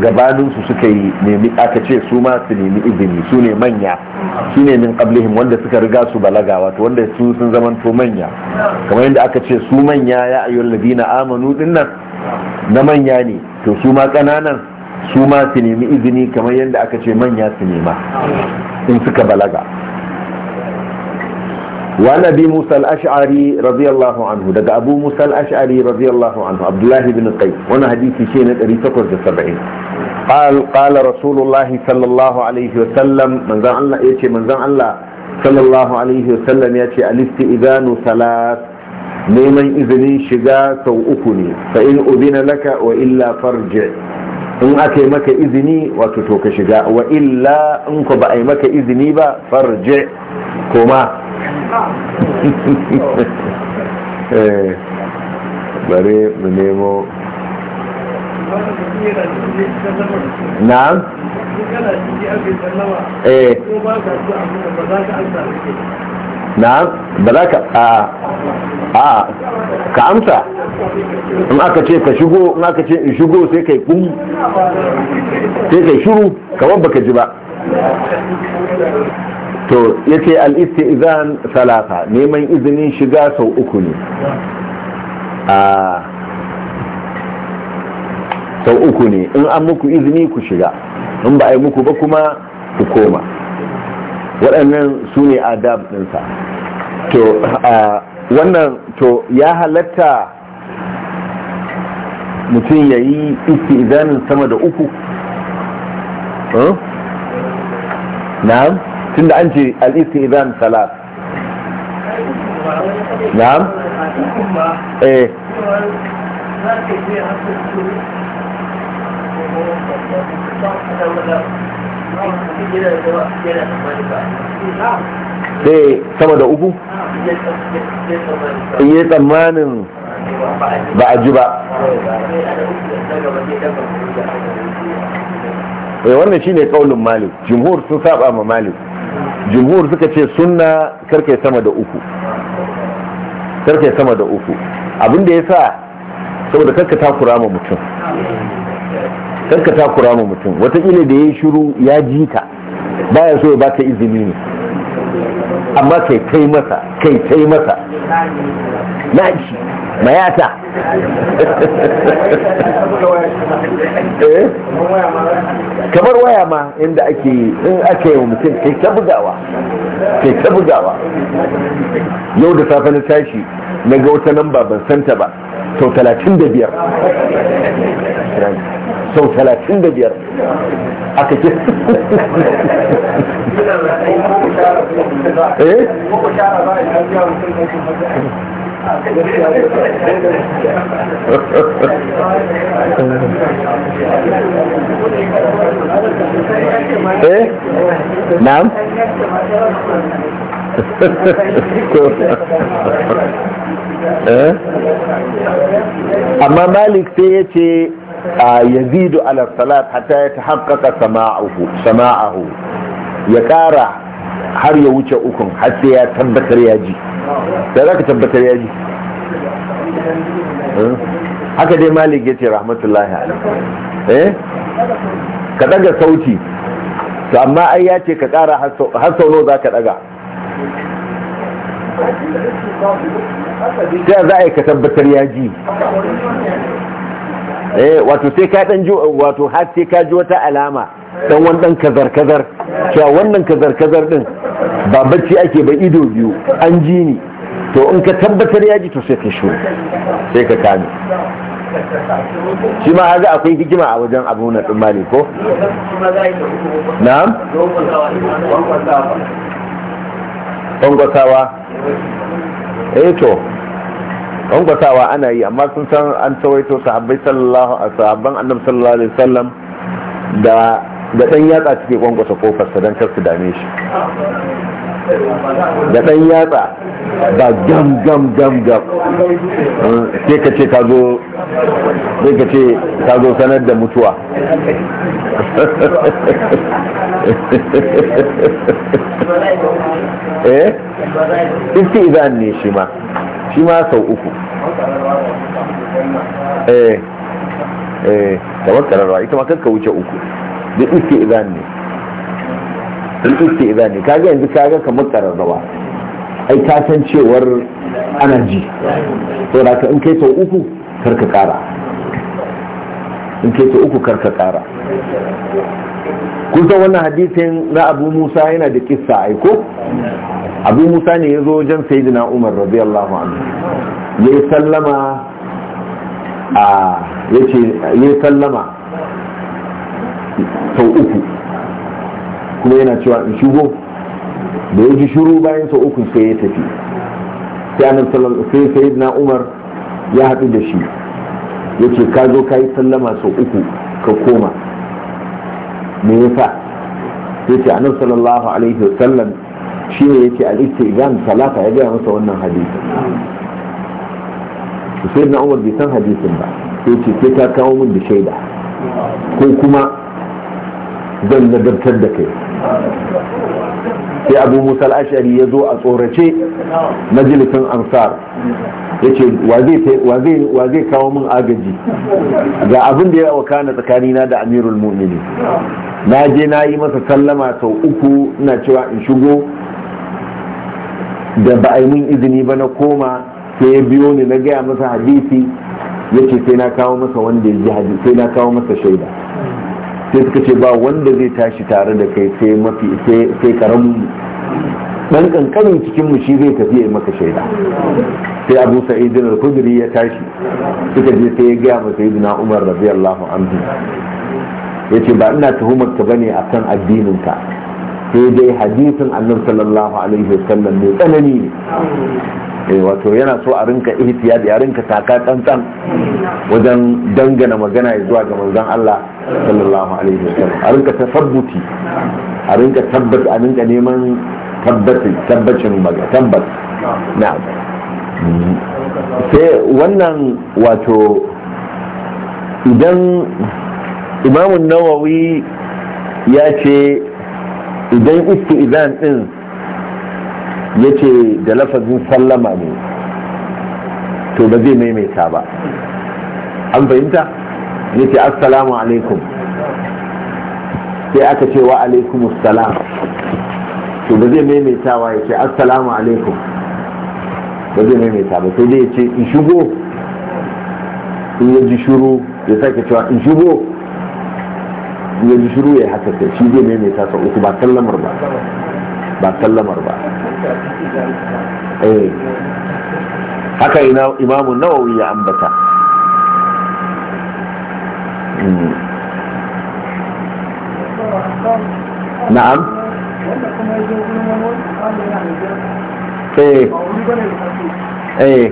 gabanin suka yi aka ce su ma su nemi izini su ne manya su ne min qablihim wanda suka riga su balaga wato wanda su sun zamanto manya kamar yanda aka ce su manya ya ayyuhal ladina amanu dinnan na manya ne to su ma su ma su nemi izini kamar yanda aka ce manya su nema in suka balaga wa nabi musa al-ash'ari radiyallahu daga abu musa al-ash'ari radiyallahu abdullahi bin qais wannan hadisi ce na 870 qal qala rasulullahi sallallahu alaihi wa manzan Allah yace manzan Allah sallallahu alaihi wa sallam yace al-istizanu neman izinin shiga sau uku ne fa in udina wa illa farji in aka maka izini wato to ka shiga wa illa in ba a yi maka izini ba farji koma Eh, bari mu nemo na'am eh na'am ba za ka a a ka amsa in aka ce ka shigo in aka ce in shigo sai kai kun sai kai shuru kamar baka ji ba to yace al-istizan salata neman izinin shiga sau uku ne sau uku ne in an muku izini ku shiga in ba a yi muku ba kuma ku koma waɗannan su ne adab ɗinsa to wannan to ya halatta mutum ya yi istizanin sama da uku hmm? na'am tunda an ce al-istizan salat na'am eh sai eh, sama da uku? iya tsammanin ba a ji ba eh, wannan shi ne kaulin malik jimhur sun saba ma malik jumhur suka ce sunna karkai sama da uku karke sama da uku abinda ya sa saboda karka takura ma mutum karka takura ma mutum watakila da ya shiru ya jika baya so ya baka izini ne amma kai kai masa kai kai masa naci mayata eh? kamar waya ma inda ake in aka yi wa mutum kai ta bugawa kai ta bugawa yau da safe na tashi na ga wata namba ban santa ba sau 35 sau talatin da biyar aka eh eh? eh amma malik sai ya ce yazidu ala salat hatta ya tahaqqaqa sama'uhu sama'ahu ya ƙara har ya wuce ukun har sai ya tabbatar ya ji za ka tabbatar ya ji haka dai malik ya ce rahmatullahi ka daga sauti to amma ai ya ce ka ƙara har sau nawa za ka daga ta za a yi ka tabbatar ya ji eh wato sai ka dan wato har sai ka ji wata alama dan wannan kazar kazar cewa wannan kazar kazar din ba bacci ake ba ido biyu an ji ni to in ka tabbatar ya ji to sai ka shiru sai ka kame shi ma haza akwai hikima a wajen abu na tsammani ko? na'am? ƙwanƙwasawa eh to rangwatawa ana yi amma sun san an tsawaito sahabbai sallallahu a sahabban annabi sallallahu alaihi wasallam da da dan yatsa suke kwangwata kofar sa dan kar su dame shi da dan yatsa ba gam gam gam gam Ke hmm, ka ce ka zo sai ka ce ka zo sanar da mutuwa eh isti idan ne shi ma shi ma sau uku eh eh tawakkalarwa ita ma kanka wuce uku duk iske idan ne duk iske idan ne kaga yanzu kaga kamar kararrawa ai ta san cewar ana ji to da in kai sau uku karka kara in kai sau uku karka kara kun san wannan hadisin na abu musa yana da kissa aiko abu musa ne ya zo wajen sayidina umar radiyallahu anhu ya yi sallama a ya ce ya yi sallama sau uku kuma yana cewa in shigo da ya ji shiru bayan sau uku sai ya tafi sai sayidina umar ya haɗu da shi ya ce ka zo ka yi sallama sau uku ka koma me yasa sai ce annabi sallallahu alaihi wasallam shi ne yake al-istizan salata ya gaya masa wannan hadisi sai na umar bai san hadisin ba sai ce sai ta kawo min da shaida ko kuma zan nadartar da kai sai abu musa al'ashari ya zo a tsorace majalisin ansar ya ce wa zai kawo min agaji ga abin da ya wakana tsakanina da amirul mu'mini na je na yi masa sallama sau uku na cewa in shigo da ba a yi min izini ba na koma sai ya biyo ni na gaya masa hadisi ya ce sai na kawo masa wanda ya ji hadisi sai na kawo masa shaida sai suka ce ba wanda zai tashi tare da kai sai mafi sai dan kankanin cikin mu shi zai tafi ya maka shaida sai Abu Sa'id al-Khudri ya tashi suka je sai ya ga ma Sayyidina Umar radiyallahu anhu yace ba ina tuhumar ka bane akan addinin ka sai dai hadisin Annabi sallallahu alaihi wasallam ne tsanani ne Eh, wato yana so a rinka ihtiya a rinka taka tsantsan wajen dangana magana ya zuwa ga manzon Allah sallallahu alaihi wasallam a rinka tasabbuti a rinka tabbata a rinka neman tabbacin tabbacin magana tabbas na'am sai wannan wato idan imamun nawawi ya ce idan idan din ya ce da lafazin sallama ne to ba zai maimaita ba an fahimta ya ce assalamu alaikum sai aka ce wa alaikum salam to ba zai wa ya ce assalamu alaikum ba zai maimaita ba sai dai ya ce in shigo in yaji shuru ya sake cewa in shigo in yaji shuru ya haka sai shi zai maimaita sau uku ba kallamar ba ba kallamar ba Eh. haka ina imamu nawawi ya ambata hmm. na'am eh. eh.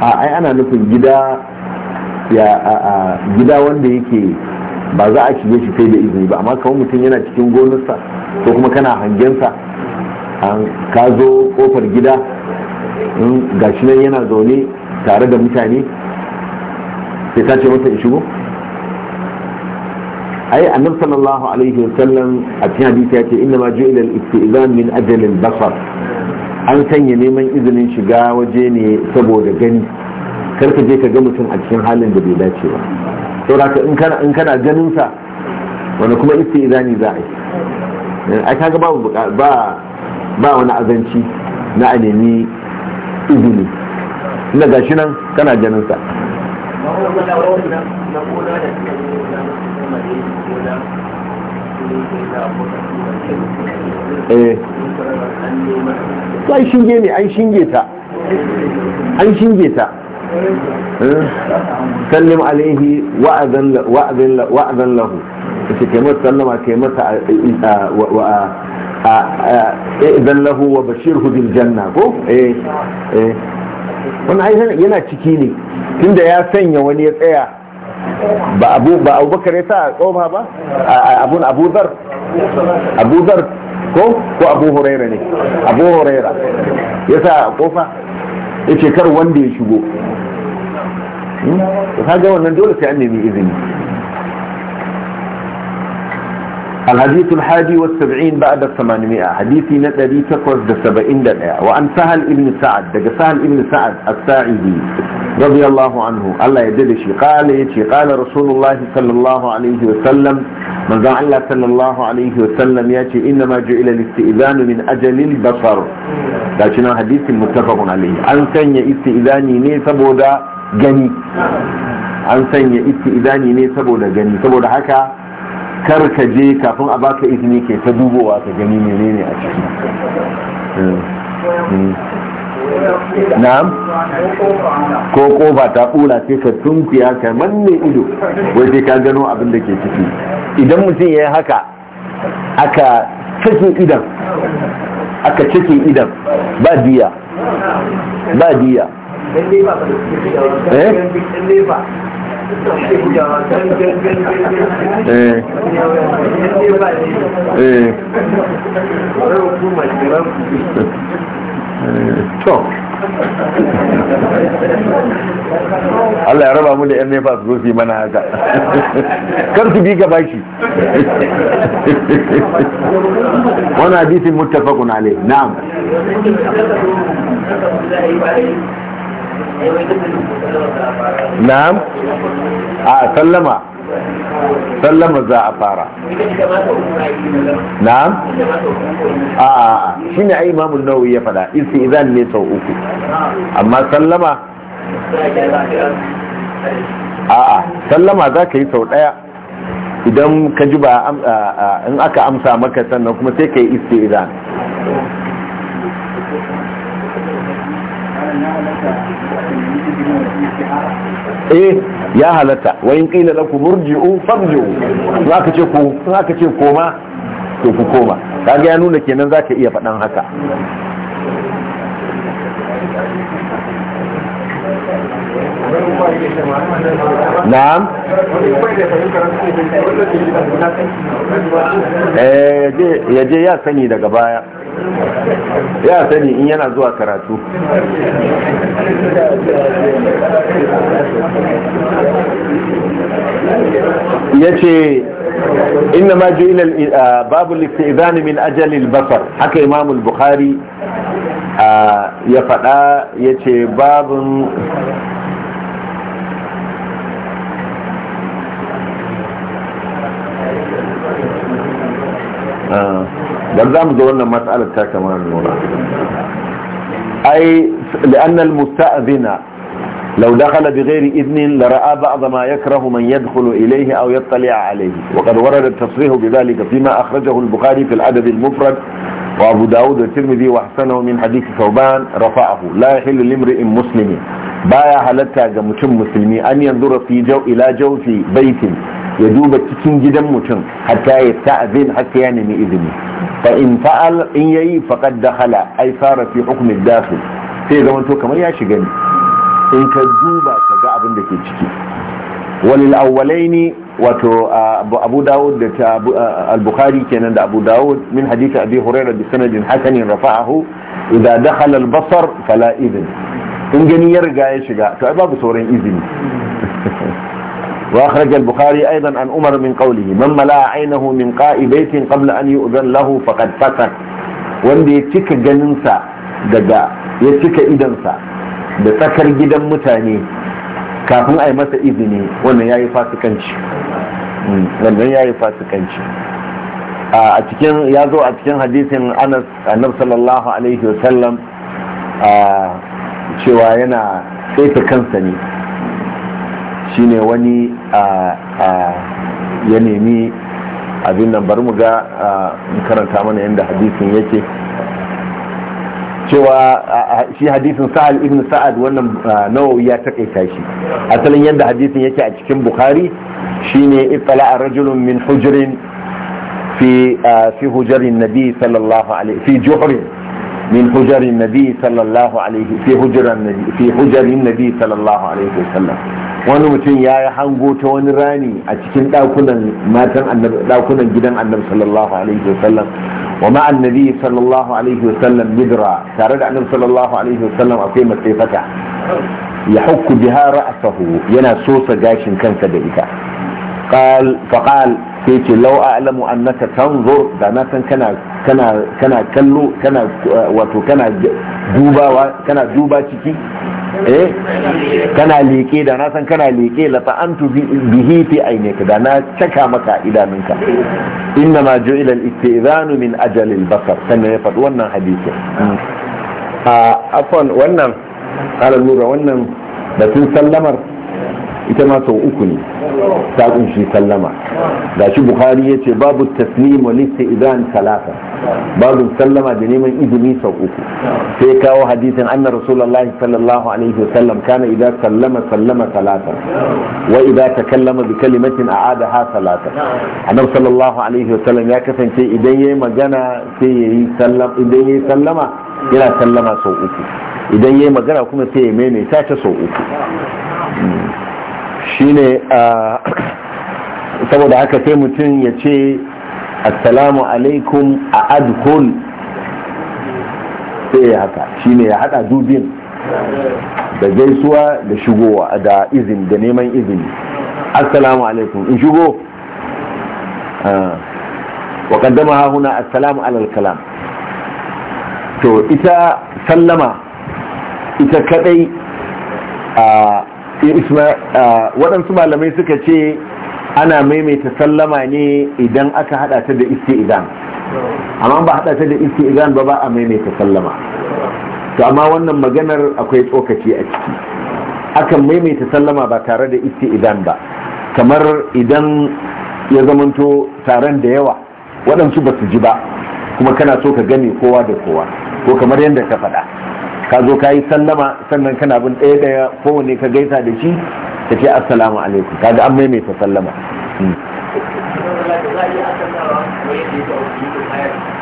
a ah, ai ana nufin gida ya a gida wanda yake ba za a shige shi sai da izini ba amma kawai mutum yana cikin gonarsa ko kuma kana hangensa an ka zo kofar gida in gashi nan yana zaune tare da mutane sai ka ce masa shigo ai annab sallallahu alaihi wasallam a cikin hadisi ya ce inna ma ju'ila al-istizan min ajalin basar an sanya neman izinin shiga waje ne saboda gani kar ka je ka ga mutum a cikin halin da bai dace ba saboda in kana in kana ganin sa wani kuma istizani za a yi eh, ai kaga babu ba ba wani azanci na a nemi izini na gashi nan kana ganin sa eh ai shinge ne an shinge ta an shinge ta Eh? sallim alaihi wa'azan lahu ita ke masa sallama ke a idan lahu wa bashir hudin janna ko eh, eh. wani aiki yana ciki ne tunda ya sanya wani ya tsaya ba abu ba abubakar ya sa tsoma ba abun abudar abudar ko ko abu huraira ne abu huraira ya sa kofa ce kar wanda ya shigo hmm? ga wannan dole sai an nemi izini الحديث الحادي والسبعين بعد الثمانمائة حديث نتدي تقوز دا سبعين دا وأن سهل ابن سعد دا سهل ابن سعد الساعدي رضي الله عنه الله يدلشي قال يتي قال رسول الله صلى الله عليه وسلم من ذا الله صلى الله عليه وسلم ياتي إنما جعل الاستئذان من أجل البصر لكن حديث متفق عليه أن سنة استئذاني نيسبو دا جني أن سنة استئذاني نيسبو دا جني سبو دا حكا kar ka je kafin a baka izini ke ta dubowa ka gani menene a ciki hmm. Hmm. na'am ko ko ba ta kula sai ka tunkuya ka manne ido wai sai ka gano abin da ke ciki idan mutum ya yi haka aka cike idan aka cike idan ba diya ba diya Eh. Eh. Allah ya raba mu da yan nefa su zofi mana haka kar su bi ga baki wani hadisin muttafaqun alayh na'am na'am a sallama sallama za a fara na'am a shi ne ai imamun nawawi ya fada isi izan ne sau uku amma sallama a'a sallama za ka yi sau ɗaya, idan ka ji ba in aka amsa maka sannan kuma sai ka yi isi izan eh ya halatta wa in qila lakum murji'u farji'u zaka ce ko zaka ce koma to ku koma kaga ya nuna kenan zaka iya faɗan haka na'am eh, ya je ya sani baya ya karatu ya ce eh, babu liftizani min ajalil basar haka imamul bukhari ah, ya faɗa dan zamu ga wannan matsalar ta kamar أي لأن المستأذن لو دخل بغير إذن لرأى بعض ما يكره من يدخل إليه أو يطلع عليه وقد ورد التصريح بذلك فيما أخرجه البخاري في العدد المفرد وأبو داود الترمذي وحسنه من حديث ثوبان رفعه لا يحل لامرئ مسلم بايا حلتا جمتم مسلمي أن ينظر في جو إلى جو في بيت ya duba cikin gidan mutum hatta ya ta'zin hatta ya nemi izini fa in fa'al in yayi faqad dakhala ay fara fi hukm dakhil sai ga wanto kamar ya shiga ne in ka duba ka ga abin da ke ciki walil awwalaini wato abu dawud da al-bukhari kenan da abu dawud min hadith abi hurairah bi sanadin hasanin rafa'ahu idza dakhala al-basar fala idin in gani ya riga ya shiga to ai babu sauran izini وأخرج البخاري أيضا عن عمر من قوله من ملا عينه من قاء بيت قبل أن يؤذن له فقد wanda ya cika ganinsa daga ya cika idansa da tsakar gidan mutane kafin a yi masa izini wannan ya yi fasikanci ya zo a cikin hadisin anas annab sallallahu alaihi wasallam cewa yana saita kansa ne shine wani ya nemi abin nan bari mu ga karanta mana yadda hadisin yake cewa shi hadisin sa'ad ibn sa'ad wannan nawawi ya takaita shi asalin yadda hadisin yake a cikin bukhari shine ittala rajulun min hujrin fi fi hujrin nabi sallallahu alaihi fi juhrin min na nabi sallallahu alaihi fi hujrin na biyu nabi sallallahu alaihi wasallam wani mutum ya yi hango ta wani rani a cikin dakunan matan dakunan gidan annabi sallallahu alaihi wasallam wa ma annabi sallallahu alaihi wasallam midra tare da annabi sallallahu alaihi wasallam akwai matsaifaka ya hukku biha ra'sahu yana sosa gashin kansa da ita qal faqal sai ce law a'lamu annaka tanzur da na san kana kana kallo kana uh, wato kana dubawa kana duba ciki eh kana leke da na san kana leke la fa'antu bihi fi ainika da na caka maka idanunka inna ma ju'ila al-istizanu min ajal al-basar sannan ya faɗi wannan hadisi a ah, wannan Kala nura wannan da sun sallamar ita ma sau uku ne ta kunshi sallama ga shi bukhari ya ce babu taslim wa lissa idan talata babu sallama da neman izini sau uku sai kawo hadisin anna rasulullahi sallallahu alaihi wa sallam kana idan sallama sallama talata wa idan takallama bi kalimatin a'ada ha talata annabi sallallahu alaihi wa sallam ya kasance idan yayi magana sai yayi sallama idan yayi sallama yana sallama sau uku idan yayi magana kuma sai ya maimaita ta sau uku hmm. shine saboda haka sai mutum ya ce assalamu alaikum a adhul sai ya haka shine ya hada dubin da gaisuwa da shigowa da izini da neman izini assalamu alaikum in shigo wa kaddama huna assalamu alal kalam to ita sallama ita kadai a waɗansu malamai suka ce ana maimaita sallama ne idan aka hada ta da idan amma ba hada ta da isti'izan ba ba a maimaita sallama to amma wannan maganar akwai tsokaci a ciki akan maimaita sallama ba tare da idan ba kamar idan ya zamanto taron da yawa waɗansu ba su ji ba kuma kana so ka gane kowa da kowa ko kamar yadda ka faɗa ka zo ka yi sallama sannan kana bin ɗaya ɗaya kowane ka gaisa da shi ta ce assalamu alaikum Ka ga an maimaita sallama hmm.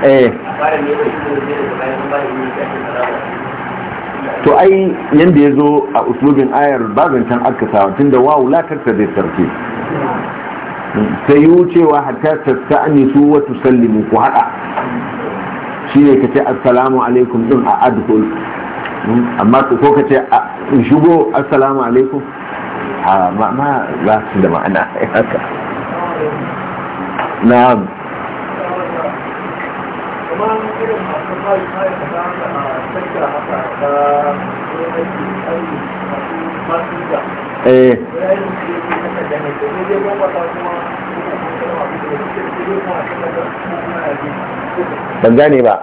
eh. to ai yanda ya zo a uslubin ayar bazancan tun da wawu latar ta hmm. zai sarki ta yi wucewa hatta ta sa'ani su wata sallimu ku haɗa shi ne ka ce assalamu alaikum din a adhul Hmm? amma ko ka ce in shigo assalamu alaikum a ma za su da ma'ana haka na eh. ban gane ba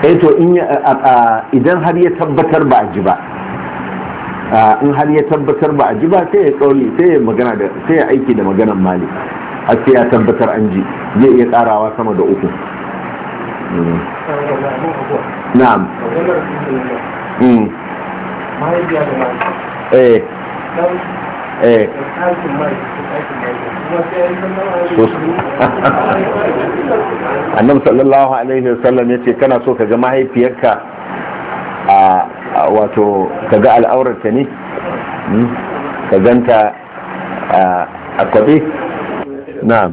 eh to in idan har ya tabbatar ba a ji ba in har ya tabbatar ba a ji ba sai ya kauli sai ya magana da sai ya aiki da maganan mali a sai ya tabbatar an ji zai iya karawa sama da uku نعم امم ما يجي على ما ايه ايه عندما صلى الله عليه وسلم يتي كان سوك جماهي بيكا آه، آه، واتو كجاء الأورة تاني كجانتا آه، أكوبي نعم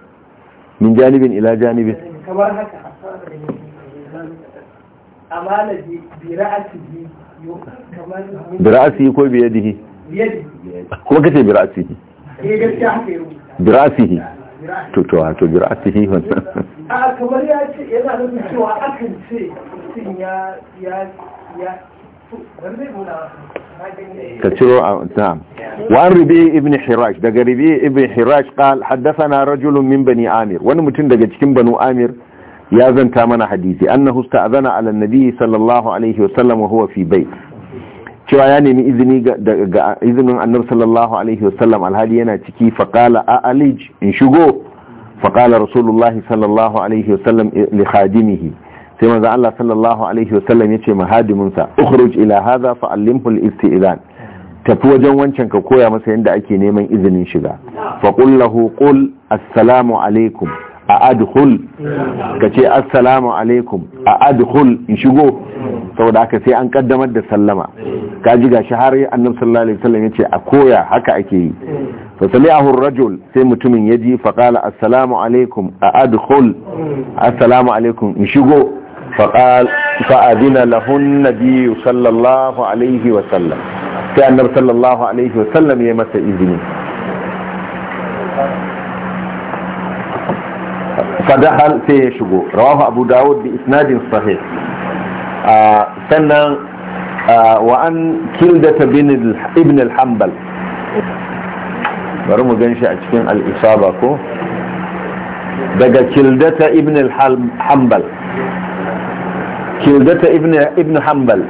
min janibin ila janibin kamar haka amana bi ra'asihi kamar bi ko kuma kace bi ra'asihi eh to to to bi kamar ya ce yana da cewa akan ce ya ya ya ka ciro ah, na'am wa an ribi ibn hirash daga ribi ibn hirash qal haddathana rajulun min bani amir wani mutum daga cikin banu amir ya zanta mana hadisi annahu sta'zana ala nabi sallallahu alaihi wasallam wa huwa fi bait cewa ya nemi izini daga izinin annabi sallallahu alaihi wasallam alhali yana ciki faqala a alij in shigo faqala rasulullahi sallallahu alaihi wasallam li khadimihi sai manzo Allah sallallahu alaihi wasallam yace ce mahadiminsa. ukhruj ila hadha fa allimhu al-istizan tafi wajen wancan ka koya masa yadda ake neman izinin shiga fa qul lahu qul assalamu alaikum a adhul kace assalamu alaikum a adhul in shigo saboda haka sai an kaddamar da sallama kaji gashi har annabi sallallahu alaihi wasallam yace a koya haka ake yi fa sami'ahu ar-rajul sai mutumin yaji fa qala assalamu alaikum a adhul assalamu alaikum in shigo فقال فأذن له النبي صلى الله عليه وسلم كان صلى الله عليه وسلم يمس إذني فدخل في شبو رواه أبو داود بإسناد صحيح سنة وأن كلدة بن ابن الحنبل برمو mu أجفين الإصابة a cikin al'isaba ko daga kildata كلدة ابن ابن حنبل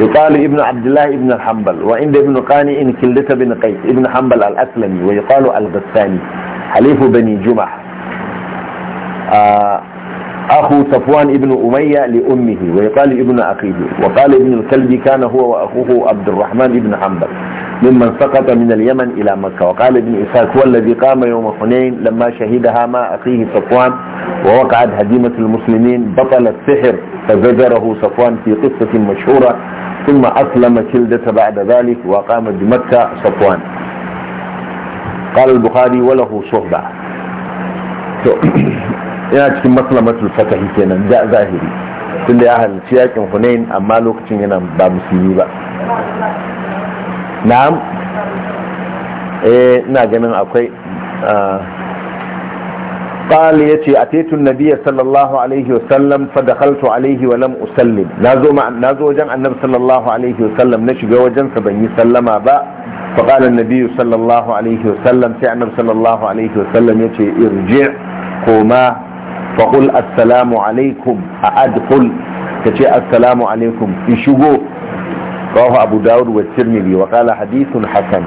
يقال ابن عبد الله ابن الحنبل وعند ابن قاني إن كلدة بن قيس ابن حنبل الأسلمي ويقال الغساني حليف بني جمح آه، أخو صفوان ابن أمية لأمه ويقال ابن أخيه وقال ابن الكلب كان هو وأخوه عبد الرحمن ابن حنبل ممن سقط من اليمن إلى مكة وقال ابن إسحاق هو الذي قام يوم حنين لما شهدها مع أخيه صفوان ووقعت هزيمة المسلمين بطل السحر فزجره صفوان في قصة مشهورة ثم أسلم كلدة بعد ذلك وقام بمكة صفوان قال البخاري وله صحبة يا cikin مسلمة الفتح kenan جاء ظاهري كل أهل ya حنين أما hunain amma lokacin na'am eh ina ganin akwai قال يتي أتيت النبي صلى الله عليه وسلم فدخلت عليه ولم أسلم نازو مع نازو جمع النبي صلى الله عليه وسلم نشي جوجا فبني سلم با فقال النبي صلى الله عليه وسلم سعنا صلى الله عليه وسلم يتي ارجع قوما فقل السلام عليكم أدخل تتي السلام عليكم يشجو rawahu abu dawud wa tirmidhi wa qala hadithun hasan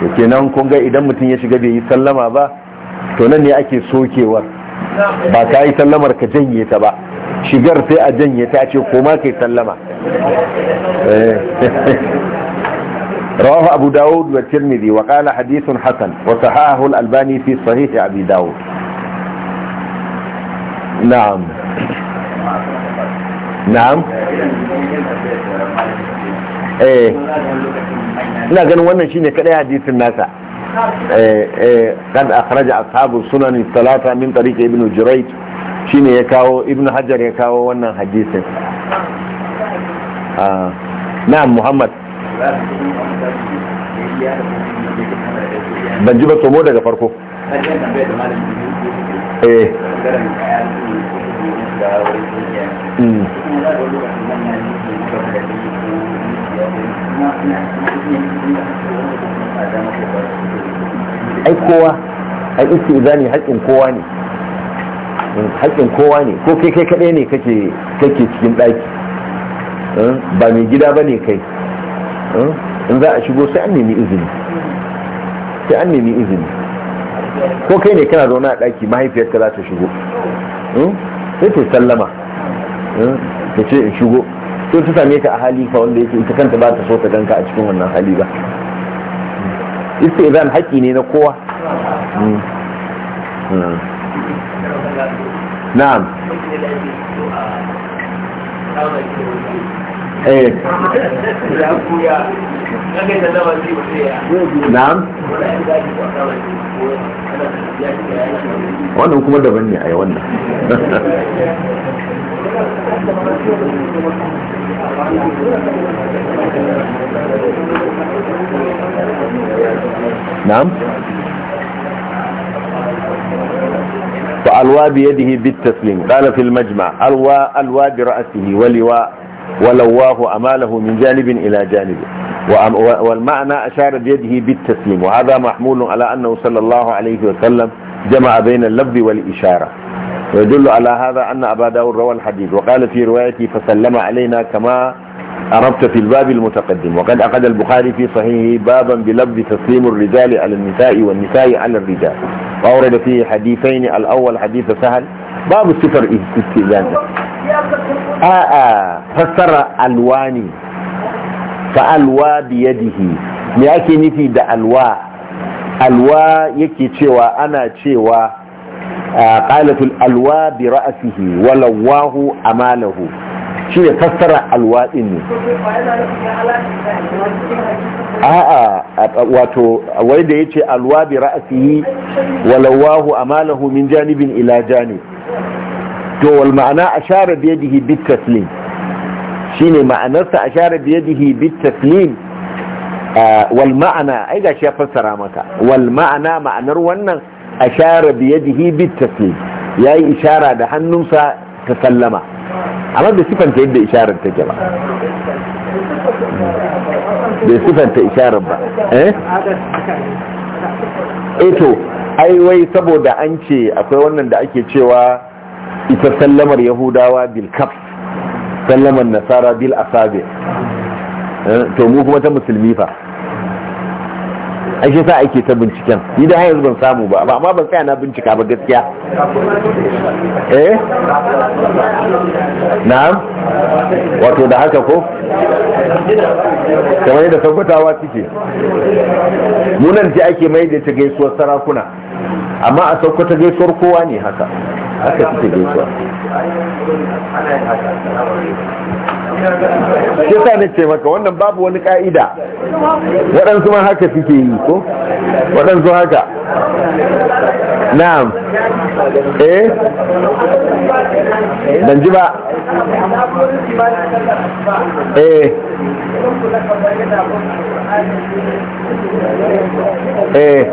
yake nan kun ga idan mutum ya shiga bai yi sallama ba to nan ne ake sokewar ba ka yi sallamar ka janye ta ba shigar sai a janye ta ce koma kai sallama رواه أبو داود والترمذي وقال حديث حسن وصححه الألباني في صحيح أبي داود نعم نعم Eh. ina ganin wannan shine kadai hadisin nasa eh, eh, kan akhraja ashabu sunan salata min tariq ibn shi shine ya kawo ibn hajar ya kawo wannan hadisin ah. na'am muhammad ban ji ba tomo daga farko eh hmm. ai kowa ai iske izani haƙƙin kowa ne haƙƙin kowa ne ko kai kai kaɗai ne kake cikin ɗaki hmm? ba mai gida ba ne kai hmm? in za a shigo sai an nemi izini sai an nemi izini ko kai ne kana zaune a ɗaki mahaifiyarka za ta shigo hmm? sai ta sallama ta ce in shigo to ta same ka a hali ka wanda yake ita kanta ba ta so ta ganka a cikin wannan hali ba istizan haƙƙi ne na kowa hmm. Hmm. na'am eh نعم wannan kuma daban ne a yi wannan بيده بالتسليم قال في المجمع ألوى ألوى برأسه ولواء ولواه أماله من جانب إلى جانب والمعنى أشار بيده بالتسليم وهذا محمول على أنه صلى الله عليه وسلم جمع بين اللفظ والإشارة ويدل على هذا أن أبا داود روى الحديث وقال في روايته فسلم علينا كما أربت في الباب المتقدم وقد أخذ البخاري في صحيحه بابا بلفظ تسليم الرجال على النساء والنساء على الرجال وأورد فيه حديثين الأول حديث سهل باب السفر استئذان a'a fassara alwa ne ka alwa biyadihi me ake nufi da alwa alwa yake cewa ana cewa qalatul alwa bi ra'sihi walawahu amalahu ne fassara alwa din ne a'a wato wai da yace alwa bi ra'sihi walawahu amalahu min janibin ila janib to wal ma'ana ashara bi yadihi bit taslim shine ma'anarsa ashara bi yadihi bit taslim wal ma'ana ai gashi ya fassara maka wal ma'ana ma'anar wannan ashara bi yadihi bit taslim yayi ishara da hannunsa ta sallama amma bai sifanta yadda isharar take ba bai sifanta isharar ba eh eto eh ai wai saboda an ce akwai wannan da ake cewa ita sallamar yahudawa bil kaf sallamar nasara bil asabe eh, to mu kuma ta musulmi fa ake sa ake ta binciken ni da yanzu ban samu ba amma ban tsaya na bincika ba gaskiya eh na'am wato da haka ko kamar yadda tabbatawa suke munan ji ake mai da ta gaisuwar sarakuna amma a sauka ta gaisuwar kowa ne haka haka suke gaisuwa shi ne ce maka wannan babu wani ka'ida waɗansu ma haka suke yi ko waɗansu haka na'am eh ban ji ba eh eh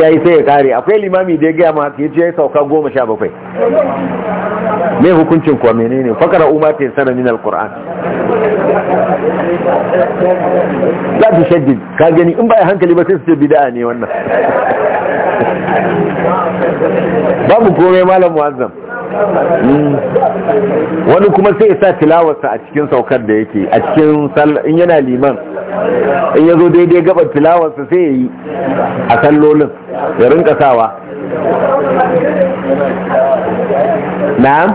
ya yi sai ya kare akwai limami da ya gaya ma ya ce ya sauka goma sha bakwai me hukuncin kuwa menene fakara umar ta sanar minar kur'an. za ta shaddid ka gani in ba ya hankali ba sai su ce bida'a ne wannan babu komai malam muazzam wani kuma sai ya sa tilawarsa a cikin saukar da yake a cikin in yana liman in ya zo daidai gabar tilawarsa sai ya yi a sallolin ya rinka sawa na'am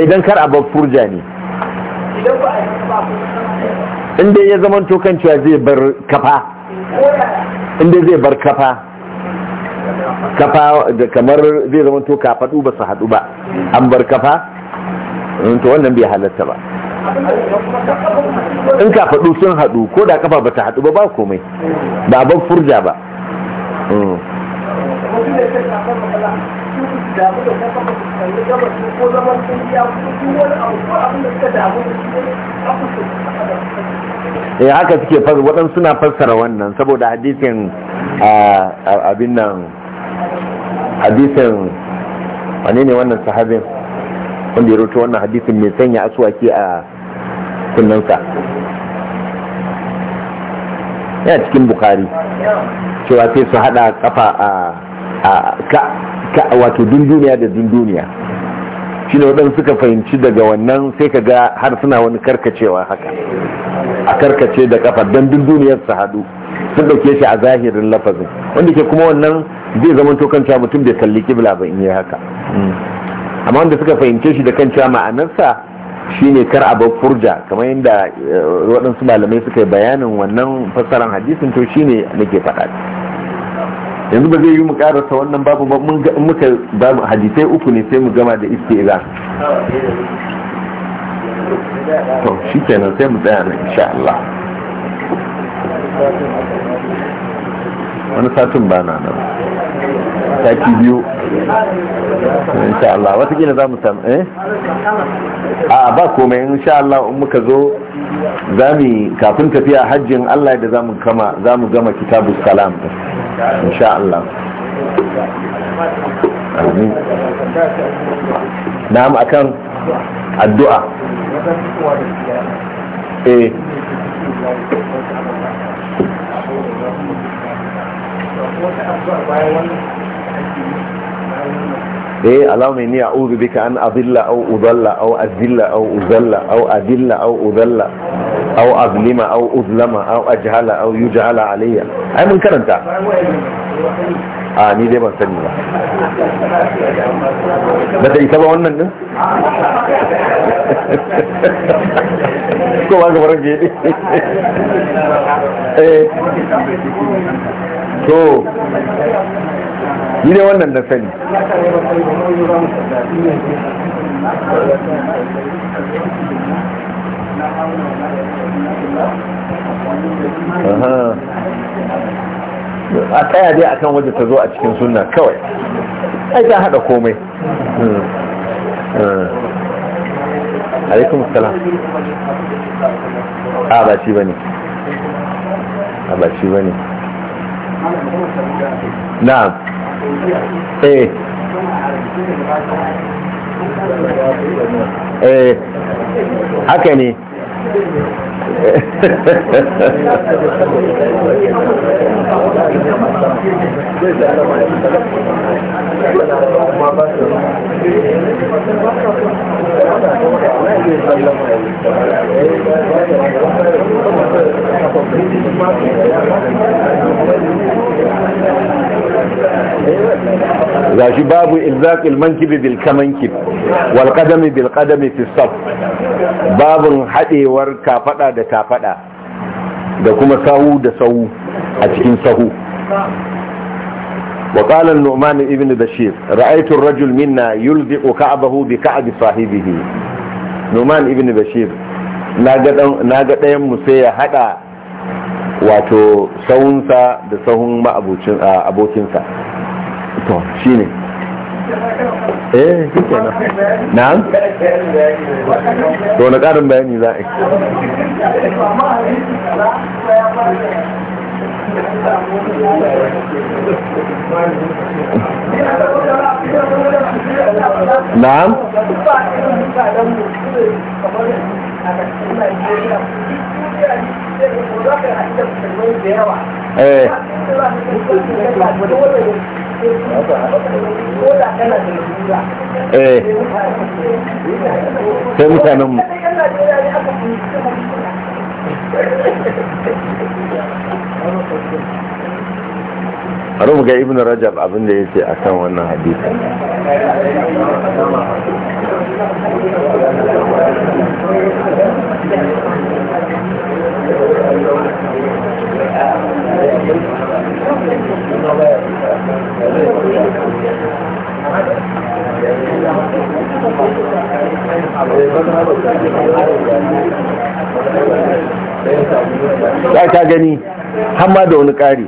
idan eh, kar a furja ne inda ya zama tokancewa cewa zai bar kafa inda zai bar kafa kafa da kamar zai zama to kafadu ba su haɗu ba an bar kafa mm, to wannan bai halatta ba in kafadu sun haɗu ko da kafa ba ta haɗu ba ba komai ba ban furja ba mm. damu su ko zaman kungiya ko wani abu ko abin da suka damu da ne su eh, haka suke fasa waɗansu suna fassara wannan saboda hadisin abin nan hadisin wane ne wannan sahabin wanda ya roto wannan hadisin mai sanya aswaki a kunnansa yana cikin bukari cewa sai su hada kafa a a wato dunduniya da dunduniya shi ne waɗanda suka fahimci daga wannan sai ka ga har suna wani karkacewa haka a karkace da kafa don dunduniyar su haɗu sun ɗauke shi a zahirin lafazin wanda ke kuma wannan zai zama to cewa mutum bai kalli kibla ba in yi haka amma wanda suka fahimce shi da kan cewa ma'anarsa shi ne kar a furja kamar yadda eh, waɗansu malamai suka yi bayanin wannan fassarar hadisin to shi shine nake faɗa yanzu ba zai yi mu karasa wannan babu ba mun muka babu hadisai uku ne sai mu gama da istiila to shi kenan sai mu tsaya nan insha Allah wani satin ba na nan taki biyu insha Allah gina za mu samu eh a ba komai insha Allah in muka zo za mu kafin tafiya hajjin Allah da za mu kama za mu gama kitabu salam insha Allah amin na'am akan addu'a eh wata addu'a bayan ايه اللهم اني اعوذ بك ان اضل او اضل او اذل او اذل او اذل او اذل او اظلم او اظلم او اجهل او يجهل علي اي من كان انت اه ني دي بس ني بدا يتابع وانا كو واغ ورجي ايه كو ni ne wannan na sani a tsaya dai akan waje ta zo a cikin sunna kawai ai ta hada komai hmm. Hmm. alaikum salam a ba shi bane a ba shi bane na'am Eh. eh haka ne gashi babu Ilzakil mankibi bil kamankib wal qadami bil qadami fi saf babun hadewar kafada da kafada da kuma sahu da sahu a cikin sahu وقال النعمان ابن بشير رأيت الرجل منا يلزق كعبه بكعب صاحبه نعمان ابن بشير na ga ɗayan mu sai ya haɗa wato sahunsa da sahun ma'abucin abokinsa to ne eh kike na na'am to na karin bayani za a yi na'am Eh. eh sai mutanen mu ga ibn rajab abin da yake akan wannan hadisi ya ka gani hamma da wani kari,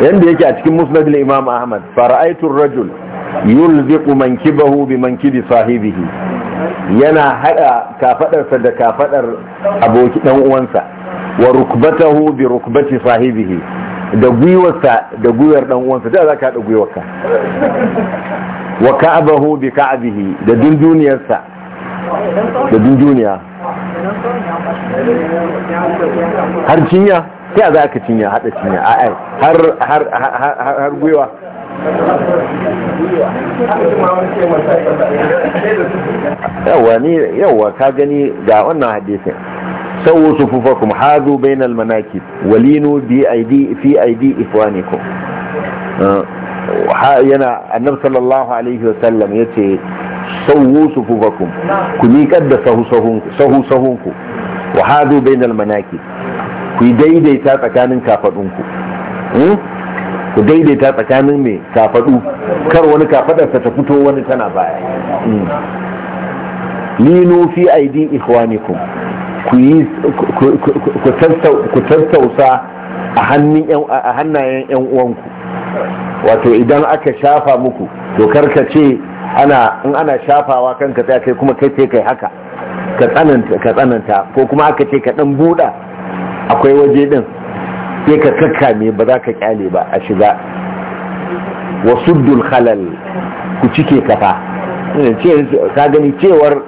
yadda yake a cikin da imam ahmad fara'aitun rajul yulziqu mankibahu bi mankibi sahibihi yana haɗa kafaɗarsa da kafaɗar abokin ɗan uwansa wa rukbatahu bi rukbati sahibihi da guyuwarsa da guyuwar dan uwansa da zaka da guyuwarka wa ka'abahu bi ka'abihi da dunduniyarsa da dunduniya har cinya sai za ka cinya hada cinya a ai har har har guyuwa yawa ni yawa ka gani ga wannan hadisin Sau سووا صفوفكم حاذوا بين المناكب ولينوا بأيدي في أيدي إخوانكم yana annab sallallahu alaihi wa wasallam ya ce sauwu sufufakum ku miƙar da sahu ku, wa hadu bainal manaki ku daidaita tsakanin kafadunku ku ku daidaita tsakanin mai kafadu kar wani kafadarsa ta fito wani tana baya Lino fi aidi ikhwanikum ku tattausa a hannayen 'yan uwanku wato idan aka shafa muku to karka ce ana in ana shafawa kanka ka kai kuma kai kai haka ka tsananta ko kuma aka ce ka dan buda akwai waje din sai ka kakkame ba za ka kyale ba a shiga wasu khalal ku cike kafa eh, ka gani cewar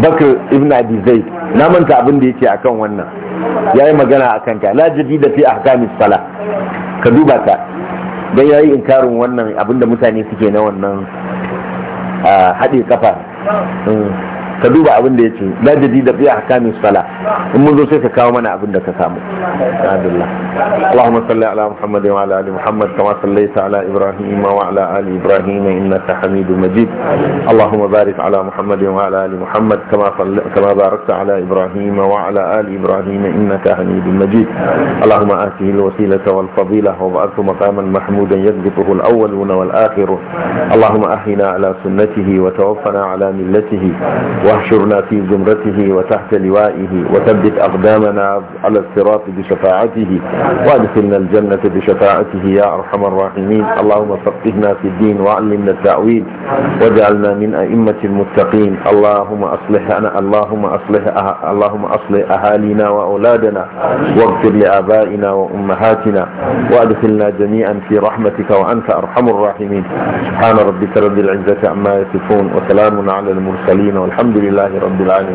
bakar ibn abi na manta abin da yake akan wannan ya yi magana akan ta la jadida fi ahkamis fala, ka duba ta dan yayi inkarin wannan abin da mutane suke na wannan ah, haɗe kafa hmm. ka duba abin da ya ce la jadida fi ahkamis sala in mun zo sai ka kawo mana abin da ka samu alhamdulillah allahumma salli ala muhammad wa ala ali muhammad kama sallaita ala ibrahim wa ala ali ibrahim innaka hamidum majid allahumma barik ala muhammad wa ala ali muhammad kama kama barakta ala ibrahim wa ala ali ibrahim innaka hamidum majid اللهم آته الوسيلة والفضيلة وبأرث مقاما محمودا يثبته الأولون والآخرون اللهم أحينا على سنته وتوفنا على ملته واحشرنا في زمرته وتحت لوائه وثبت أقدامنا على الصراط بشفاعته وادخلنا الجنة بشفاعته يا أرحم الراحمين اللهم فقهنا في الدين وعلمنا التأويل واجعلنا من أئمة المتقين اللهم أصلح أنا اللهم أصلح أه... اللهم أصلح أهالينا وأولادنا واغفر لآبائنا وأمهاتنا وادخلنا جميعا في رحمتك وأنت أرحم الراحمين سبحان ربك رب العزة عما يصفون وسلام على المرسلين والحمد alhamdulillahi rabbil alamin